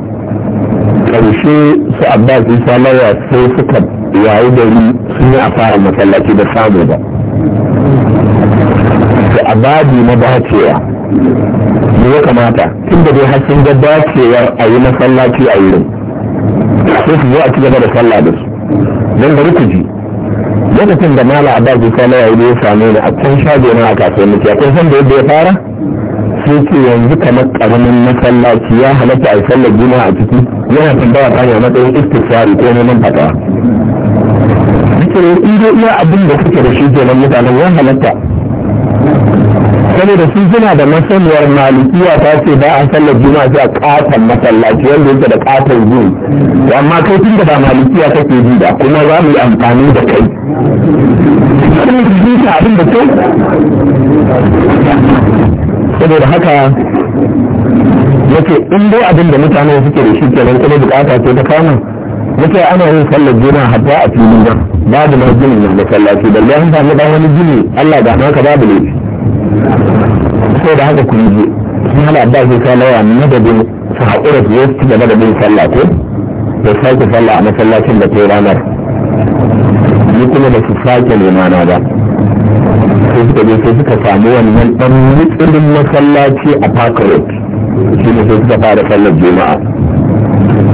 ƙarshe su abbas isa lawa sai suka yayi gari sun yi a fara masallaci da samu ba da abadi na dacewa me ya kamata tun da dai har sun ga dacewar a yi masallaci a wurin sai su zo a ci gaba da sallah da su don gari ku ji lokacin da mala abadi isa lawa ya same ni a kan shago na a kasuwanci a kan san da yadda ya fara sai ce yanzu kamar karamin masallaci ya halatta a sallar juma a ciki yana tambaya ta ya matsayin istisari ko neman fata nake ne iya abin da suke da shi kenan mutanen ya halatta saboda su suna da masaniyar malikiya ta ce ba a sallar juma sai a katon masallaci wanda yake da katon zuwa to amma kai tun da ba malikiya kake ji ba kuma za mu yi amfani da kai abin da kai saboda haka yake in dai abin da mutane suke da shi kenan kuma bukata ce ta kama yace ana yin sallar juna hatta a filin nan babu na da na masallaci da an samu dan wani gini Allah da naka babu ne da haka ku yi sun hala ba zai sa lawa madadin su haƙura su yi su gaba da bin sallah ko da sake sallah a masallacin da ta ranar ni kuma da su sake limana ba sai suka je sai suka samu wannan dan mutsirin masallaci a pakarot shi ne sai suka fara sallar juma'a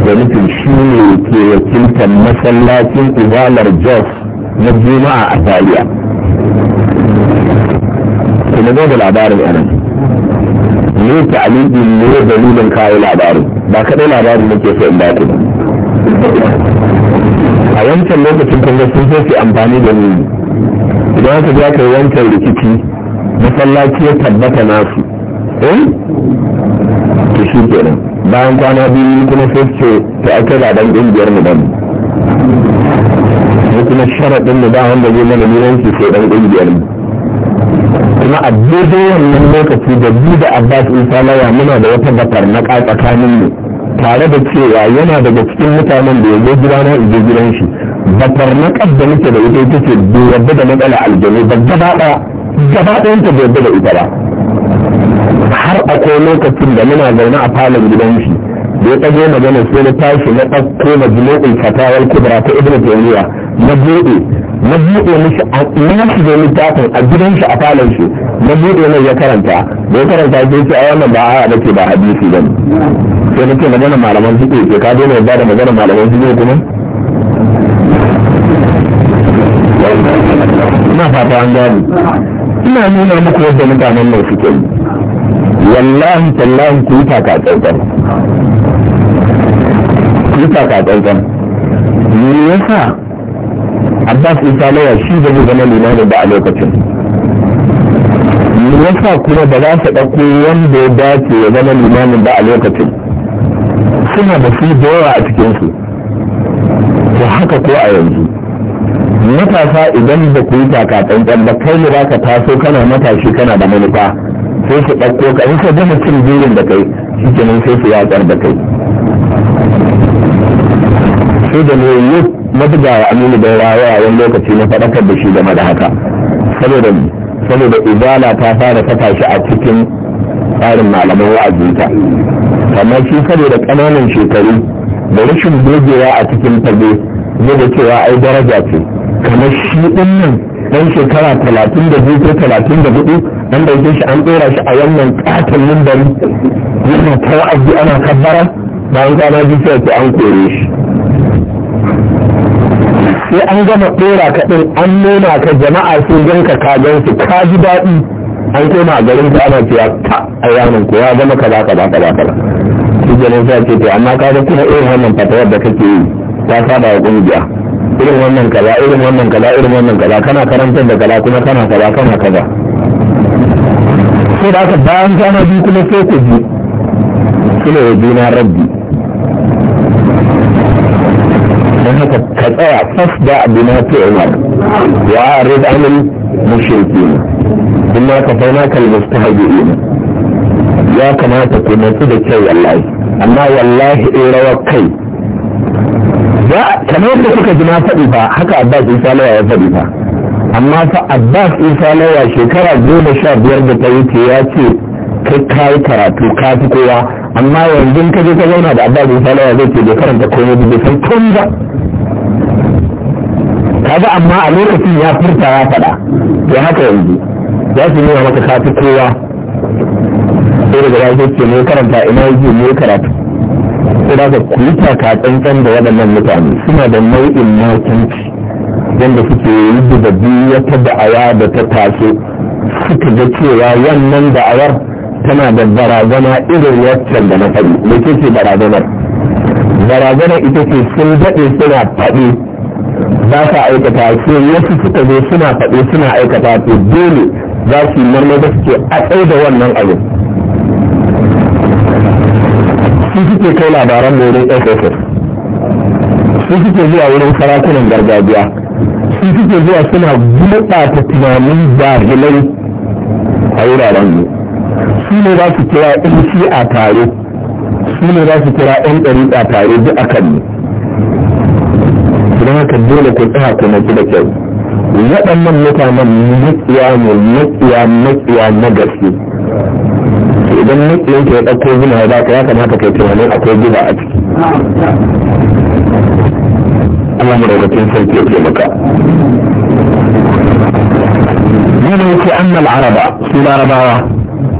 da nufin shi ne ke wakiltar masallacin izalar jos na juma'a a taliya kuma zo da labarin anan ne ta aliki ne dalilin kawo labarin ba kaɗai labarin nake so in ba ku a wancan lokacin kun sun so su amfani da nuni idan aka ja kai wancan rikici masallaci ya tabbata nasu eh to shi kenan bayan kwana biyu kuma sai ce ta ake da dan kungiyar mu dan ko kuma sharadin mu ba wanda zai mana nuranci sai dan kungiyar mu kuma a daidai wannan lokaci da bi da abbas in salaya muna da wata bakar na tsakanin mu tare da cewa yana daga cikin mutanen da ya zo gidana in je gidan shi bakar na da muke da ita ita ce bai yarda da matsala aljanu ba gaba ɗaya gaba ɗayanta bai da ita ba har akwai lokacin da muna zaune a falon gidan shi da ya ɗago magana sai na tashi na ɗauko majmu'ul fatawar kubra ta ibnu na buɗe na buɗe mishi a nashi da littafin a gidan shi a falon shi na buɗe mai ya karanta da ya karanta sai ce a wannan ba aya bace ba hadisi bane sai nake magana malaman fiqh ke ka dole ba da magana malaman fiqh kuma ina fata an gani ina nuna muku yadda mutanen mai suke yi wallahi tallahi ku yi taka tsantsan ku yi taka tsantsan me yasa abbas isa laya shi da zai zama limamin ba a lokacin yasa kuma ba za su ɗauko wanda ya dace ya zama limamin ba a lokacin suna da su da a cikinsu to haka ko a yanzu matasa idan ba ku yi takatsantsan ba kai ne ka taso kana matashi kana da manufa sai su ɗauko ka in sai gama cin jirin da kai shi kenan sai su yatsar da kai sai da mai yi na wa aminu da waya lokaci na faɗakar da shi game da haka saboda saboda ta fara fata shi a cikin tsarin malaman wa'azinta amma shi saboda ƙananan shekaru da rashin gogewa a cikin fage zai da cewa ai daraja ce kamar shi ɗin nan dan shekara talatin da biyu ko talatin da hudu an dauke shi an ɗora shi a wannan katon mimbari yana ta wa'azi ana kabbara bayan kwana biyu sai an kore shi sai an gama ɗora ka ɗin an nuna ka jama'a sun ganka ka gan su ka ji daɗi an koma a garin ta ana cewa ta a yanan ko ya zama kaza kaza kaza kaza shi jalin sa ce to amma ka ga kuma irin wannan fatawar da kake yi ta saba wa ƙungiya irin wannan kaza irin wannan kaza irin wannan kaza kana karantar da kaza kuma kana kaza kana kaza sai da aka bayan kana biyu kuma sai ku ji suna wa juna rabbi ka tsaya fasda bima tu'mar wa arid anil mushrikin kuma ka fauna kal mustahji'in ya kamata ku mutu da kyau wallahi amma wallahi in rawa kai za kamar yadda kuka ji na faɗi ba haka Abbas Isa Lawa ya faɗi ba amma fa Abbas Isa Lawa shekara goma sha biyar da ta wuce ya ce kai kayi karatu ka fi kowa amma yanzu ka je ka zauna da Abbas Isa Lawa zai ce bai karanta komai bai san tun ba kaga amma a lokacin ya furta ya faɗa ya haka yanzu ya su nuna maka kafi kowa sai daga ya ce ne karanta ina yake ne karatu sai da ka kuta ka da waɗannan mutane suna da nau'in makinci yadda suke yi dubabbi wata da'awa da ta taso suka ga cewa wannan da'awar tana da barazana irin waccan da na faɗi me ce barazanar barazana ita ce sun daɗe suna faɗi ba sa aikata ce wasu suka zo suna faɗo suna aikata ce dole za su yi da suke a tsaye da wannan abu su suke kai labaran da wurin sss su suke zuwa wurin sarakunan gargajiya su suke zuwa suna ta tunanin jahilai a wuraren mu su ne za su kira yan a tare su ne za su kira ɗari a tare duk akan mu don haka dole ku tsaya ku na da kyau waɗannan mutanen matsiya ne matsiya matsiya na gaske idan matsiyan ka ya ɗauko zuma ya baka ya kamata kai tunanin akwai guba a ciki Allah madaukakin sarki ya ce maka Yana yake annal araba su larabawa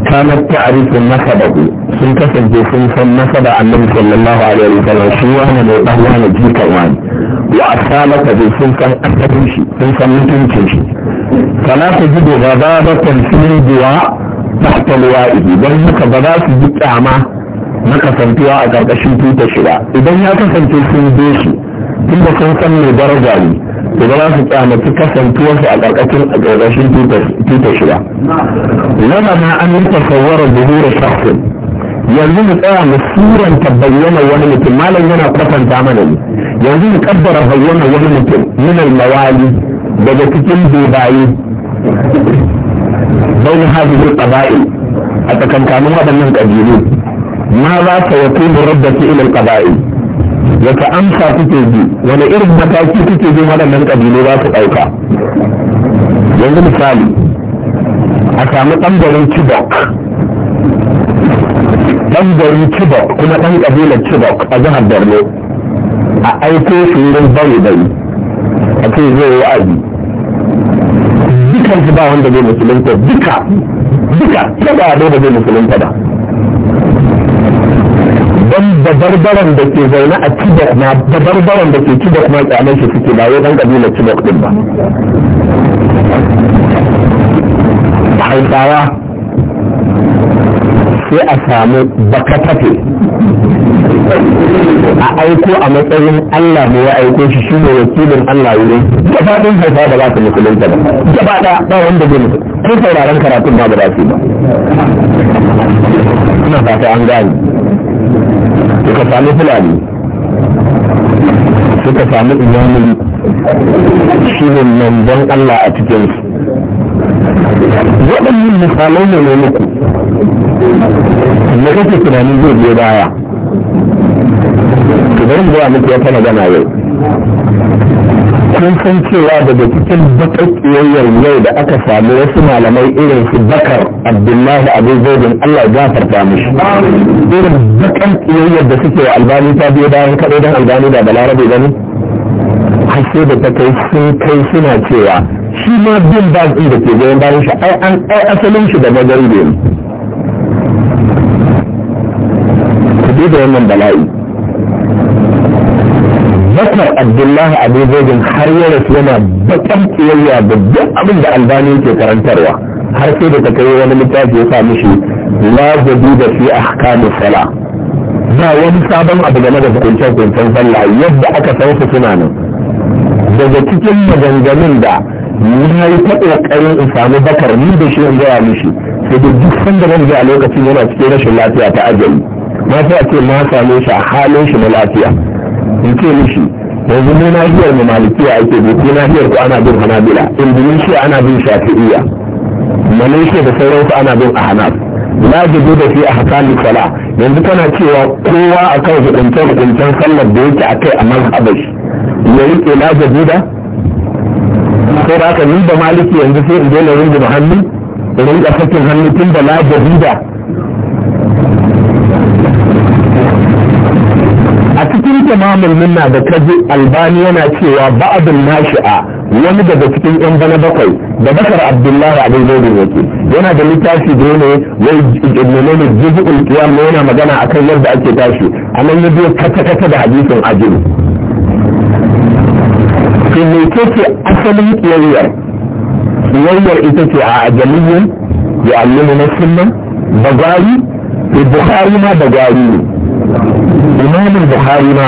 كانت تعرف نسبه sun kasance sun san nasaba annabi sallallahu alaihi wa sallam shi wani ne dan wani jika wani wa asalaka bi sun san asalin shi sun san mutuncin shi kana ku ji da gabatan sun duwa tahta liwa'ihi don haka ba za su ji kyama na kasantuwa a ƙarƙashin tuta shi ba idan ya kasance sun je shi tun da sun san mai daraja ne to ba za su kyamaci su a ƙarƙashin a ƙarƙashin tuta shi ba lana ma an yi tasawwarar zuhura shafin yanzu mu tsaya mu suranta bayyana wani mutum malam yana kwatanta mana ne yanzu mu kaddara bayyana wani mutum min al-mawali daga cikin dubayi bayan haɗu al ƙaba'i a tsakankanin waɗannan kabilu ma za ta yakunu ki ila al-qaba'i ka amsa kuke ji wani irin mataki kuke ji waɗannan kabilu za su ɗauka yanzu misali a samu ɗangarin chibok ɗangarin chibok kuma ɗan ƙabilar chibok a jihar borno a aiko shi wurin bari bari a kai zai yi wa'azi dukansu ba wanda zai musulunta duka duka kada a da zai musulunta ba don barbaran da ke zaune a cibok na barbaran da ke cibok na kyamar shi suke ba wai dan kabilar cibok din ba haifawa sai a samu tafe a aiko a matsayin Allah ne ya aiko shi shi ne wakilin Allah wurin gaba ɗin haifa da za ta musulunta ba gaba ba wanda zai mutu ko sauraron karatun ba ba za su ba ina fata an gani suka sami fulani suka sami imamin shi ne manzon Allah a cikinsu waɗannan misalai ne muku me kake tunanin zai biyo baya to muke magana kun san cewa daga cikin bakakkiyayyar yau da aka samu wasu malamai irin su bakar abdullahi abu zaidin allah ya gafarta mishi irin bakakkiyayyar da suke wa albani ta biyo bayan kaɗai don albani da balarabe gani har da ta kai sun kai suna cewa shi ma bin ba da ke goyon bayan shi ai an asalin shi da magaribe ne da wannan bala'i bakar abdullahi abu zogin har ya rasu yana bakan kiyayya da duk abin da albani ke karantarwa har sai da takai wani littafi ya sa mishi la jadida fi ahkamis sala ba wani sabon abu game da hukuncen hukuncen sallah yadda aka san su suna nan daga cikin maganganun da na yi ta ƙoƙarin in samu bakar ni da shi in gaya mishi sai da duk sanda nan a lokacin yana cikin rashin lafiya ta ajali na fi ake na same shi a halin shi na lafiya in ce mishi yanzu na nahiyar mu malikiya ake bi ko nahiyar ku ana bin hanabila indonesia ana bin shafi'iyya malaysia da sauransu ana bin ahnaf la jibu da fi ahkami sala yanzu kana cewa kowa a kan hukuncen hukuncen sallar da yake akai a mazhabar ya yayi ke la jibu da sai da haka ni da maliki yanzu sai in je na rinjima hannu in rinka sakin hannu tun da la jibu imamul minna da kaji albani yana cewa ba'adul nashi'a wani daga cikin yan bana bakwai da bakar abdullahi abu zai yake yana da littafi da ne wai menene jibu'ul qiyam ne yana magana akan yadda ake tashi anan ya biyo kata kata da hadisin ajin to me ce asalin kiyayyar kiyayyar ita ce a ajaliyin ya allimu na sunna bagari to bukhari ma bagari ne imamin buhari ma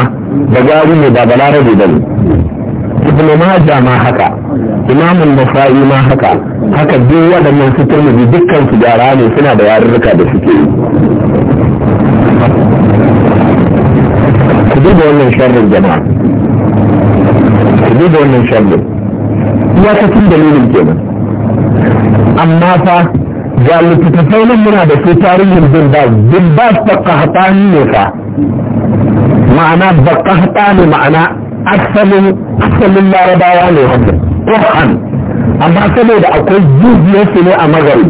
da gari ne ba balarabe ba ne ibn maja ma haka imamin nasa'i ma haka haka duk waɗannan su turmuzi dukkan su gyara ne suna da yarurruka da suke yi ku duba wannan sharrin jama'a ku duba wannan sharrin iyakacin dalilin kenan amma fa ga littattafai nan muna da su tarihin dimbaz dimbaz baka hatani ne fa ma'ana baka hatani ma'ana asalin asalin larabawa ne wanda ƙohan amma saboda akwai jujiyarsu ne a magari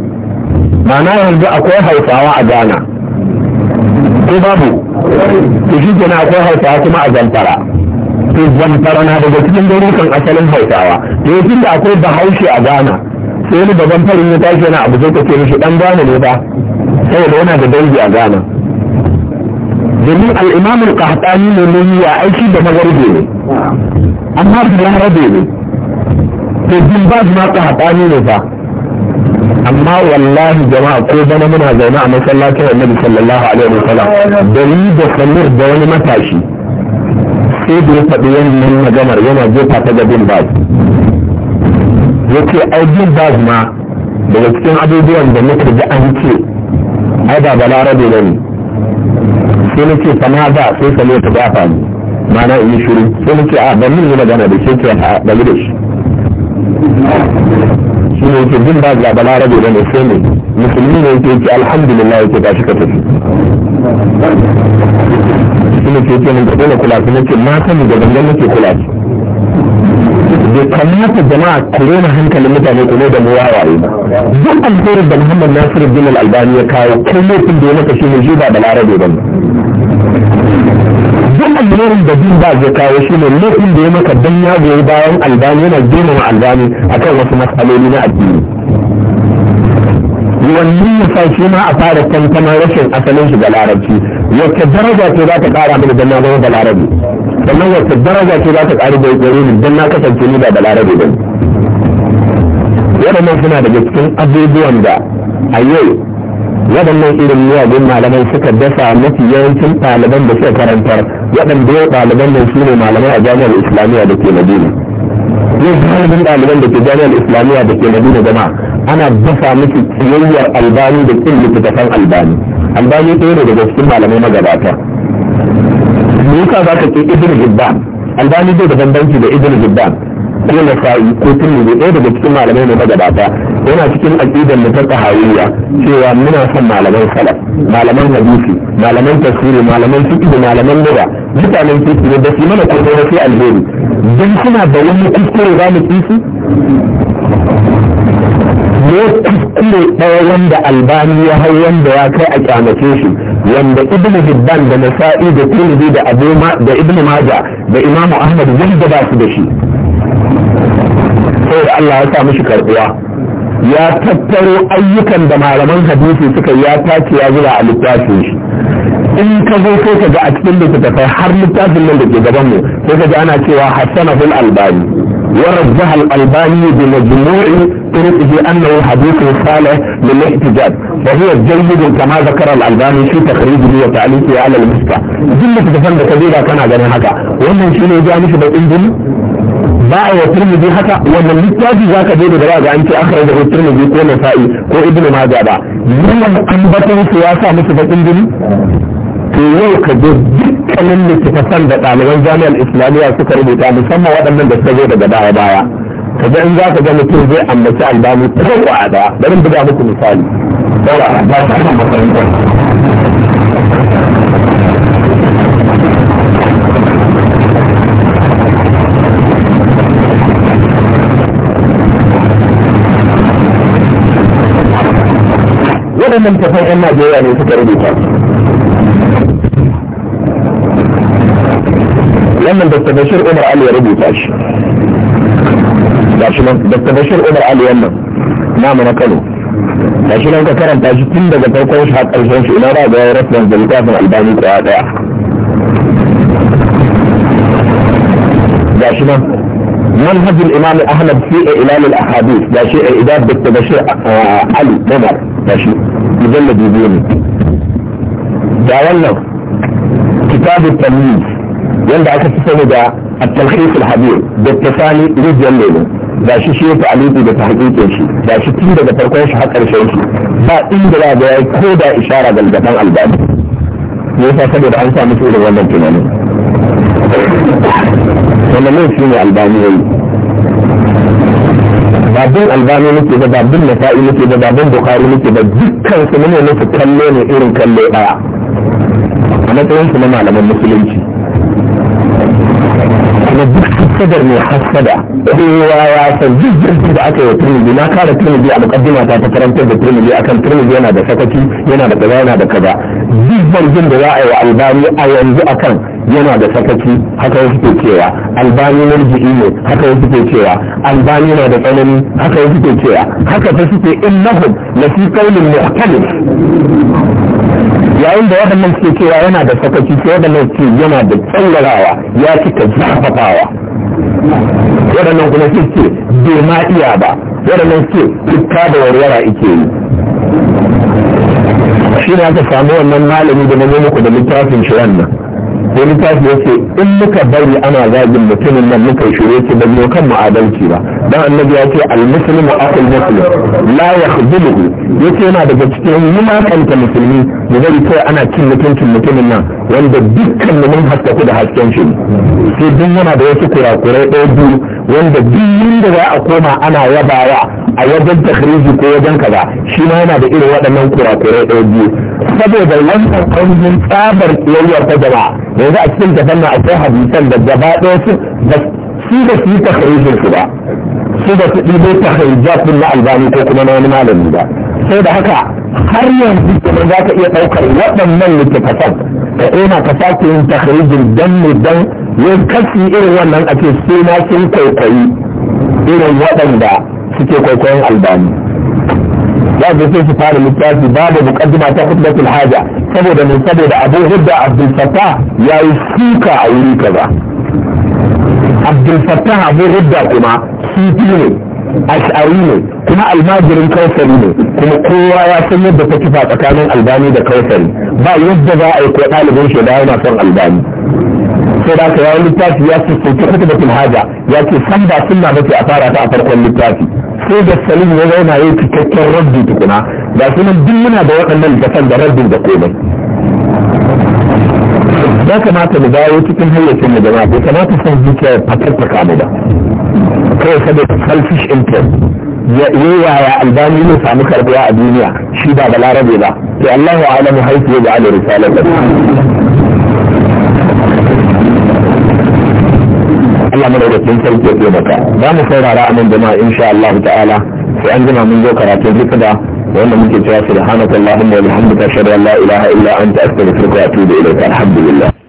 ma'ana yanzu akwai hausawa a ghana ko babu to shi kenan akwai hausawa kuma a zantara to zantara na daga cikin garurukan asalin hausawa to yakin da akwai bahaushe a ghana sai wani babban farin ya tashi yana abu zai kace mishi dan gane ne ba saboda yana da dangi a gana domin al'imam al-qahtani ne mun ya aiki da magarbe ne amma da larabe ne to bin ba ma qahtani ne fa amma wallahi jama'a ko bana muna zaune a masallacin annabi sallallahu alaihi wasallam da ni da samir da wani matashi sai da ya faɗi wannan maganar yana jefa ta gabin baki ya ce ai bin ma daga cikin abubuwan da na ji an ce ai ba balarabe ba ne sai na ce fama ba sai salo ta gafa ne mana in shiru sai na ce a ban min yi magana da shi ke haɗari da shi shi ne yake bin baz ba balarabe ba ne sai ne musulmi ne yake yake alhamdulillah yake ba shi ka tafi shi ne ke yake mun ga dole kula su nake matan da gangan nake kula su bai kamata jama'a ku rena hankalin mutane ku da mu wawaye ba duk alherin da muhammad nasiru bin albani ya kawo kai laifin da ya maka shi ne shi ba da larabe ba duk alherin da bin ba zai kawo shi ne laifin da ya maka dan ya goyi bayan albani yana girmama albani akan wasu matsaloli na addini wannan ya sa shi ma a fara tantamar rashin asalin shi da larabci wacce daraja ce za ta kara mana dan na da larabi sannan wata daraja ce za ta ƙari da gare ni don na kasance ni ba balarabe ba waɗannan suna daga cikin abubuwan da a yau waɗannan irin miyagun malaman suka dasa mafi yawancin ɗaliban da suka karantar waɗanda yau ɗaliban nan su ne malamai a jami'ar islamiyya da ke madina yau galibin ɗaliban da ke jami'ar islamiyya da ke madina jama'a ana dasa musu tsiyayyar albani da kin littattafan albani albani ɗaya ne daga cikin malamai magabata me yasa za ka ce ibn albani da bambanci da ibn hibban ko na sa'i ko tunni ɗaya daga cikin malamai ne magabata yana cikin aqidar mu ta tahawiyya cewa muna son malaman salaf malaman hadisi malaman tafsiri malaman fiqh malaman lugha mutanen fiqh ne da su mana ko da sai alheri dan suna da wani kuskure ba mu kisu ne kulle ɗaya wanda albani ya hau wanda ya kai a kyamace shi wanda ibn hibban da nasa'i da tirmidhi da abu da ibn maja da imamu ahmad wanda ba su da shi da Allah ya sa mishi karbuwa ya tattaro ayyukan da malaman hadisi suka ya tace ya zuba a littafin shi in ka zo sai ka ga a cikin littattafai har littafin nan da ke gaban mu sai ka ji ana cewa hassanahu al-albani ورجح الألباني بمجموع طرقه أنه حديث صالح للاحتجاج وهو جيد كما ذكر الألباني في تخريجه وتعليقه على المسكة جملة تفهم كبيرة كان على هكا ومن شنو جاء مش بالإنجل باع وترمذي هكا ومن للتاجي ذاك دير دراجة أنت أخرجه الترمذي كو نسائي كو ابن ما با من أنبتن سياسة مش بالإنجل في يوم كبير جدا اللي تتفهم الإسلامية سكر بيتا بسمى وقت من دستجو ده دعا بايا فده إن ذاك جامعة تنزي عم بسا الباني تغوى عدا برين لما بالتباشير عمر علي يا ربي فاش عشان بالتباشير عمر علي يما ما ما نقلوا عشان انت كرم تاجي كل ده فوق وش حق الجنس الى بعد يا رب من بالكاف من الباني قاعد عشان منهج الامام الاحمد في الام الاحاديث لا شيء اداب بالتباشير آه، علي عمر ماشي مجلد يبيني داولنا كتاب التمييز wanda aka fi sani da at-talhis al-habir da tafani ne lemu ga shi shi ya ta'aliki da tahqiqin shi ga shi tun daga farkon shi har karshen shi ba inda ba ga yayi ko da ishara ga gaban albani ne yasa saboda an sa su da wannan tunanin wannan ne shi ne albani yayi babin albani nake ba babin nasa'i nake ba babin bukari nake ba dukkan su ne musu kalle ne irin kalle daya a matsayin su na malaman musulunci ma'ana duk hasadar mai hasada kowa ya san duk jirgin da aka yi wa turmiji na kare turmiji a mukaddima ta ta karantar da turmiji akan turmiji yana da sakaci yana da kaza yana da kaza duk zargin da za a yi wa albani a yanzu akan yana da sakaci haka wasu ke cewa albani marji'i ne haka wasu ke cewa albani yana da tsanani haka wasu ke cewa haka ta suke innahum la fi qawlin muhtalif yayin da waɗannan suke cewa yana da sakaci sai waɗannan suke yana da tsallarawa ya cika zafafawa waɗannan kuma suke bai ma iya ba waɗannan suke tukka da warwara ike yi shi ne aka samu wannan malami da na muku da littafin shi wannan sai littafi ya ce in muka bari ana zagin mutumin nan muka yi shiru ce ban kan mu adalci ba dan annabi ya ce al muslimu akul muslim la yakhdhuluhu yace yana daga cikin mumakanta musulmi mu zai kai ana cin mutuncin mutumin nan wanda dukkan mu mun haskaku da hasken shi sai duk yana da wasu kurakurai ɗaya biyu wanda duk da za a koma ana yabawa a wajen takhriji ko wajen kaza shi ma yana da irin waɗannan kurakurai ɗaya biyu saboda wannan ainihin tsabar kiyayyar ta jama'a yanzu a cikin tafanna akwai hadisan da gaba ɗaya su da su da su takhrijin su ba su da su ɗibo takhrijat na albani ko kuma na wani malami ba sai da haka har yanzu kuma za ka iya ɗaukar waɗannan littattafan ka ina ka sake yin takhrijin dan ne dan yin irin wannan ake suna sun kwaikwayi irin waɗanda suke kwaikwayon albani za su sai su fara littafi ba da mukaddima ta hudbatul haja saboda ne saboda abu hudda abdul fatah ya yi suka a wuri kaza abdul fatah abu hudda kuma sufi ne ash'ari ne kuma almajirin kausari ne kuma kowa ya san yadda ta kifa tsakanin albani da kausari ba yadda za a yi ko ɗalibin shi da yana son albani sai da aka yawon littafi ya ce sauke kuka da tulhaja ya ce san ba sunna ba ce a fara ta a farkon littafi sai da salim ya zauna ya cikakken rabbi tukuna ga sunan duk muna da waɗannan littafan da rabbin da komai ya kamata mu dawo cikin hayyacin mu jama'a bai kamata san zuciya ya fatattaka ba kawai saboda selfish interest ya yaya albani ne samu karbuwa a duniya shi ba balarabe ba to Allahu a'lamu haifu ya ja'ala risalatan Allah mana madaukakin sarki ya taimaka za mu saurara a nan jama'a insha Allah ta'ala sai an jima mun zo karatun rikida wanda muke cewa subhanakallahumma wa bihamdika ashhadu an la ilaha illa anta astaghfiruka wa atubu ilayka alhamdulillah